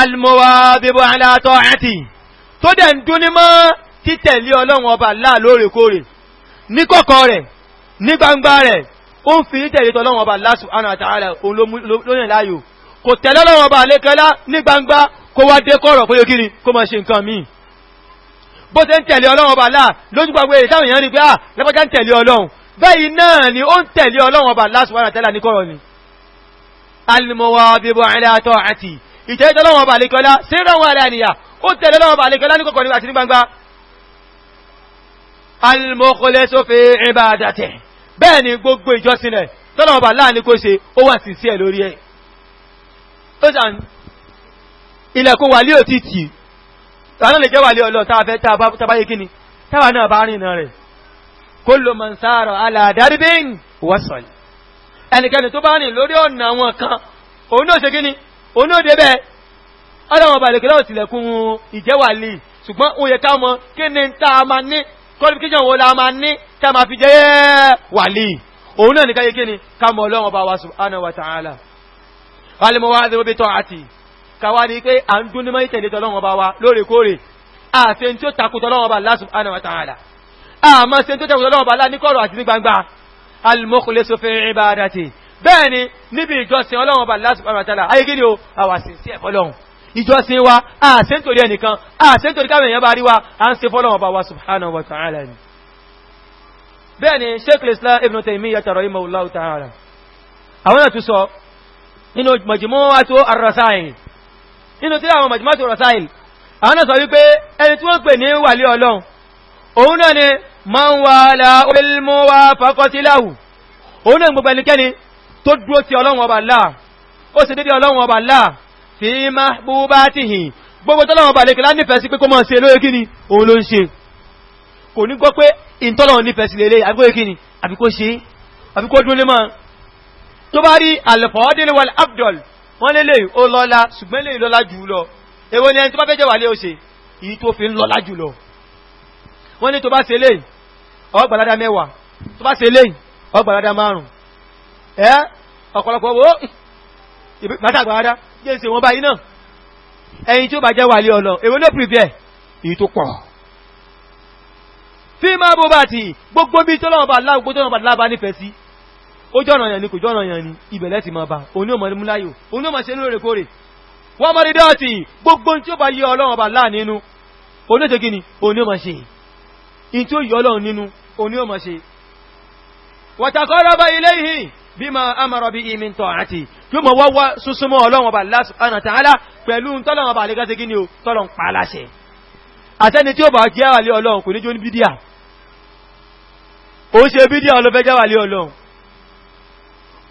al-muwabibu ala ta'ati tó dẹ̀ ń dún ní mọ́ títẹ̀lé ọlọ́run ọba láà lóòrèkóòrè ní kọ̀kọ̀ rẹ̀ ní gbangba rẹ̀ ó ń fi títẹ̀lé tọ́lọ́run ọba Allah subhanahu wa ta'ala òun lóyìn láàyò kò wá dé kọ̀rọ̀ kó yóò kiri kó máa ṣe nǹkan míì bó ṣe ń tẹ̀lé ọlọ́run ọba láà lójúgbàgbé ìtàwọn èèyàn rí pé à ah, lẹ́pàá ń tẹ̀lé ọlọ́run bẹ́ẹ̀ náà ni ó ń tẹ̀lé ọlọ́run ọba láà subhanahu wa ta'ala ní kọ́rọ̀ ni alimowa bíbọ àìlẹ́ àtọ́ àti ìtẹ́jọ́ ọlọ́run ọba àlekọ́lá sí ránwọ́ àlẹ́ àníyà ó tẹ̀lé ọlọ́run ọba àlekọ́lá ní kọ̀kọ̀ àti ní gbangba alimokulẹ̀ sófin ìbádàtẹ̀ bẹ́ẹ̀ ni gbogbo ìjọsìn rẹ̀ tọ́lọ̀ ọba láàrin kó ṣe ó wà sí sí ẹ̀ lórí ẹ̀. ó sàn ilẹ̀kùn wà lé òtítì àwọn lè jẹ́wà lé ọlọ́ tá a fẹ́ tá a bá yé kíni táwa náà bá rìn náà rẹ̀ kullu man sara ala darbin wasal ẹnikẹ́ni tó bá rìn lórí ọ̀nà àwọn kan òun náà ṣe kíni òun náà débẹ̀ ọlọ́wọ̀n bá lèkè lọ́wọ́ tilẹ̀kùn ìjẹ́wà lè ṣùgbọ́n ó yẹ ká mọ̀ kí ni tá a máa ní qualification wo káwá ní pé à ń dún ní mọ́ ìtẹ̀lé tọ́lọ́wọ́ bá wa lóòrèkóòrè àfẹ́ tí ó takò tọ́lọ́wọ́ bá Allah subhanahu wa ta'ala àmọ́ se tó tẹ̀wọ̀ tọ́lọ́wọ́ bá lá àti ní gbangba al-mukhlisu fi ibadati bẹ́ẹ̀ ni níbi ìjọsìn ọlọ́wọ́ bá ta'ala ayé o àwà sí sí ẹ̀fọ́ lọ́hùn ìjọsìn wa àṣẹ nítorí ẹnìkan àṣẹ nítorí káwọn èèyàn bá rí wa wa ta'ala ni bẹ́ẹ̀ ni sheikh islam ta'ala àwọn èèyàn tún sọ nínú majmu'atu ar nínú tí àwọn majmọ́tò rọ̀sáìl àwọn náà sọ wípé ẹni tí wọ́n pè ní wàlí ọlọ́run òun náà ni máa ń wà láàrín wà fàkọsíláhù òun náà gbogbo ẹnikẹ́ni tó dúró ti ọlọ́run ọba láà ó sì dédé ọlọ́run ọba láà fi máa bú bá ti hìn gbogbo tọ́lọ́run ọba tó bá rí àlẹ̀fọ́ọ́dẹ́lẹ́wàl abdul wọ́n lélẹ̀ ó lọ́lá ṣùgbọ́n lè lọ́lá jù lọ ni ẹni tó bá fẹ́ jẹ́ wà lé ó ṣe èyí tó fi ń lọ́lá jù lọ wọ́n ní tó bá ṣe léyìn ó gba ládá mẹ́wàá tó bá ṣe léyìn ó gba ládá ẹ́ ọ̀pọ̀lọpọ̀ wo látàgbàrádá jẹ́ ìṣe wọn báyìí náà ẹni tí ó bá jẹ́ wà lé ọlọ èwo ló pìfẹ́ èyí tó pọ̀ ó jọ́nà yẹn ni kò jọ́nà yẹn ni ibẹ̀lẹ́ ti máa bá òní ò mọ̀ múláyò òní ò mọ̀ ṣe ní òrèkóòrè wọ́n mọ̀ dídá ọ̀tì gbogbo tí ó bá yẹ ọlọ́run ọba láà nínú òní òjò ṣe in tí ó yẹ ọlọ́run nínú òní ò ṣe bima amara bihi min ta'ati yóò mọ̀ wá wá súnmọ́ ọlọ́run ọba Allah subhanahu wa ta'ala pẹ̀lú tọ́lọ́run ọba àlẹ́gá ṣe kíni o tọ́lọ́run pa aláṣẹ àtẹ́ni tí ó bá ọlọ́run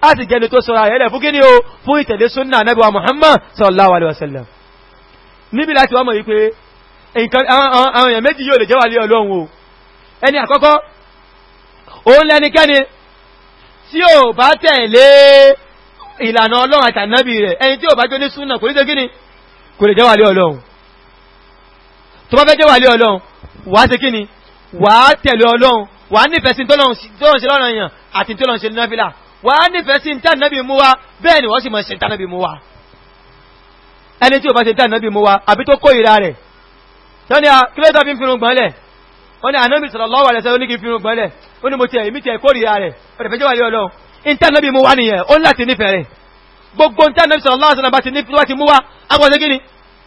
a sì jẹ́ni tó sọ́ra ẹ̀lẹ̀ fún kíní o fún ìtẹ̀lé súnnà Ànábì wa Muhammad sallallahu alaihi wasallam níbi láti wọ́n mọ̀ yí pé àwọn èèyàn méjì yóò lè jẹ́ wà lé Ọlọ́run o ẹni àkọ́kọ́ òun lẹ́nikẹ́ni tí ò bá tẹ̀lé ìlànà Ọlọ́run àti Ànábì rẹ̀ ẹni tí ò bá jó ní súnnà kò ní jẹ́ kíní kò lè wà á nífẹ̀ẹ́ sí ìtàn nábì mú wa bẹ́ẹ̀ ni wọ́n sì mọ̀ sí ìtàn nábì mú wa ẹni tí ò bá ṣe ìtàn mú wa àbí tó kó ìra rẹ̀ tọ́ni kílẹ́tọ̀ fi ń firun gbọ́nlẹ̀ wọ́n ni ànábì sallallahu alaihi wasallam ní kí firun gbọ́nlẹ̀ ó ní mo ti ẹ̀mí ti ń láti ni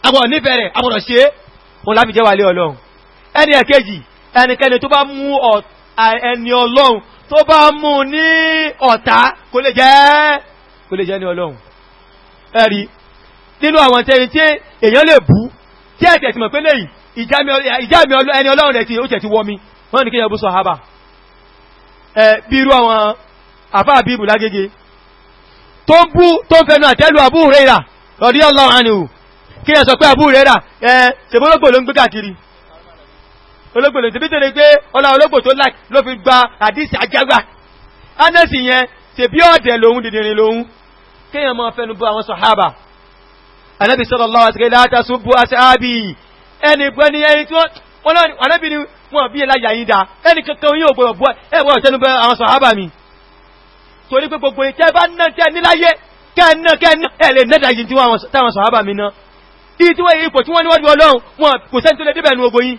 agbọ̀n nífẹ̀ẹ́ rẹ̀ agbọ̀n ṣe é òun láfi jẹ́ wà lé ọlọ́run ẹni ẹ̀kejì tó bá mú ní ọ̀tá kò lè jẹ́ kò lè jẹ́ ní ọlọ́run ẹ̀rí nínú àwọn tẹ́rin tí èèyàn lè bú tí ẹ̀tẹ̀ ti mọ̀ pé lè ìjámi ẹni ọlọ́run rẹ̀ tí ó tẹ̀ ti wọ́ mi wọ́n ni kí ẹbú sọ̀hábà bí irú àwọn àfáà bíbù lágége tó ń bú tó ń fẹnu Abu Huraira radiyallahu anhu kí ẹ sọ Abu Huraira ẹ ṣèbólógbò ló ń gbé ológbò lè tẹ́bí tẹ́lẹ̀ pé ọlá ológbò tó láì ló fi gba àdísì ajágbà anẹ́sì yẹn tẹ̀bí ọ̀dẹ̀ lòun dìdìrin lòun kéèyàn máa fẹnu bú àwọn sọ̀hábà anẹ́bì sallallahu alaihi wasallam láta sún bú aṣáábì ẹni gbẹ́ni ẹni tí wọ́n anẹ́bì ni wọ́n bí ẹláyà yìí mi torí pé gbogbo ìtẹ́ bá ná tẹ́ níláyé kẹ́ẹ̀ná kẹ́ẹ̀ná ẹ̀ lè nẹ́ta yìí mi ná ìtí wọ́n ipò tí wọ́n níwọ́dún ọlọ́run wọn kò sẹ́ni tó lè débẹ̀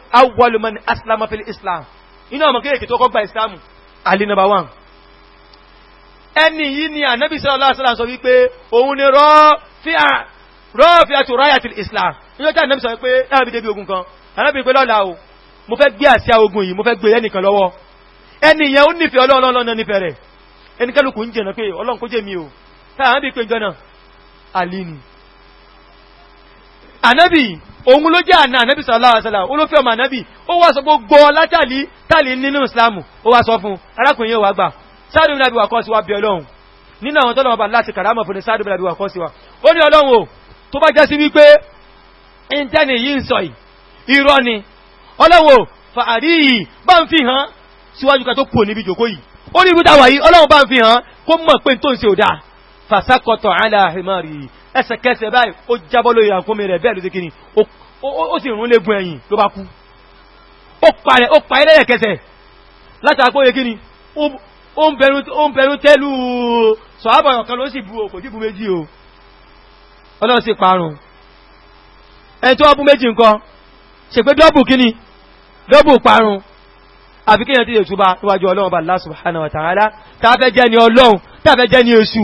awwalu man aslama fil islam inú àwọn kéèkì tó kọ́gbà islam ali number one ẹni yìí ni ànábì sallallahu alaihi wasallam sọ wípé òun ni rọ́fíà rọ́fíà tó ráyà til islam níjọ́ tí ànábì sọ pé láàbí débi ogun kan ànábì pé lọ́la o mo fẹ́ gbé àsíá ogun yìí mo fẹ́ gbé ẹnìkan lọ́wọ́ ẹni yẹn ó nífẹ̀ẹ́ ọlọ́ọ̀lọ́ọ̀lọ́ nífẹ̀ẹ́ ànábì òun ló jẹ́ àná ànábì sallallahu alaihi wasallam olófẹ́ ọmọ ànábì ó wá sọ gbogbo látàlí tàlí nínú ìsìlámù ó wá sọ fún arákùnrin yóò wá gbà sáàdù ìrìnàbí wà kọ́ sí wa bí ọlọ́run nínú àwọn tọ́lọ́wọ́ bá láti kàrámọ̀ fún ní sáàdù ìrìnàbí wà kọ́ sí wa ó ní ọlọ́run o tó bá jẹ́ sí wípé ìntẹ́nì yìí ń sọ irọ́ ni ọlọ́run o fàárí yìí bá ẹsẹ̀kẹsẹ̀ báyìí ó jábọ́ lórí àkómi rẹ̀ bẹ́ẹ̀ ló dékìní ó sì rún légun ẹ̀yìn ló bá kú ó parẹ̀ ó parẹ̀ lẹ́yẹ̀kẹsẹ̀ látàkó dékìní ó ń bẹnu tẹ́lú sọ̀hábọ̀yàn kan ló sì bú òkò jígun méjì o ọlọ́run sì parun ẹni tó ọbú méjì nǹkan ṣe pé dọ́bù kíní dọ́bù parun àfi kíyàn tí ètùbà níwájú ọlọ́run bá Allah subhanahu wa ta'ala tàbẹ́ jẹ́ ni ọlọ́run tàbẹ́ jẹ́ ni èṣù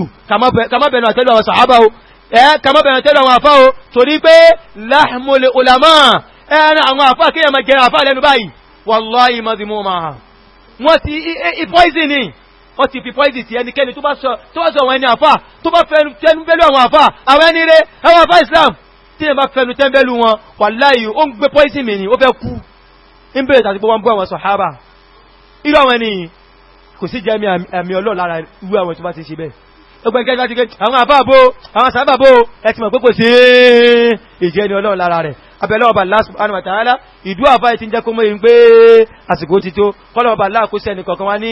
kàmọ́bẹ̀nà àtẹ́lú àwọn sàhábà o ẹ kama bẹ̀rẹ̀ tẹ́lẹ̀ àwọn àfá o torí pé láhmùlẹ̀ ulama ẹran àwọn àfá kí ẹmọ jẹ àfá lẹ́nu báyìí wallahi mazimu ma wọ́n ti poison ni wọ́n ti fi poison ti ẹnikẹ́ni tó bá sọ wọn ẹni àfá tó bá fẹnu tẹ́mbẹ́lú àwọn àfá àwọn ẹni rẹ̀ àwọn àfá Islam tí ẹ bá fẹnu tẹ́mbẹ́lú wọn wallahi ó ń gbé fẹ́ ọgbẹ́ ìkẹ́jì láti gẹ́ àwọn àbábò àwọn sábàbò ẹ̀tì mọ̀ sí ìjẹ́ ni ọlọ́run lára rẹ̀ abẹ́lẹ́ ọba Allah subhanahu wa ta'ala ìdú àbá ìtí jẹ́ kó mọ́ ìgbé àsìkò ti kọ́lọ̀ ọba Allah sẹ́ni kọ̀ọ̀kan wá ní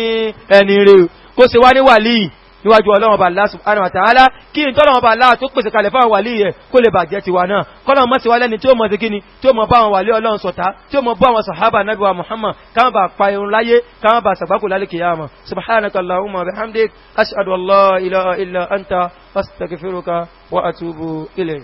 ẹni rẹ̀ kó se wá ní wàlíì níwájú ọlọ́run bá Allah subhanahu wa ta'ala kí n tọ́lọ́run bá Allah tó pèsè kalẹ̀ fáwọn wàlí yẹ kó lè bàjẹ́ tiwa náà kọ́lọ́run mọ́ sí wa lẹ́ni tí ó mọ̀ sí kíni tí ó mọ̀ bá wọn wàlí ọlọ́run sọ̀tá tí ó mọ̀ bá wọn sàhábà nábì wa Muhammad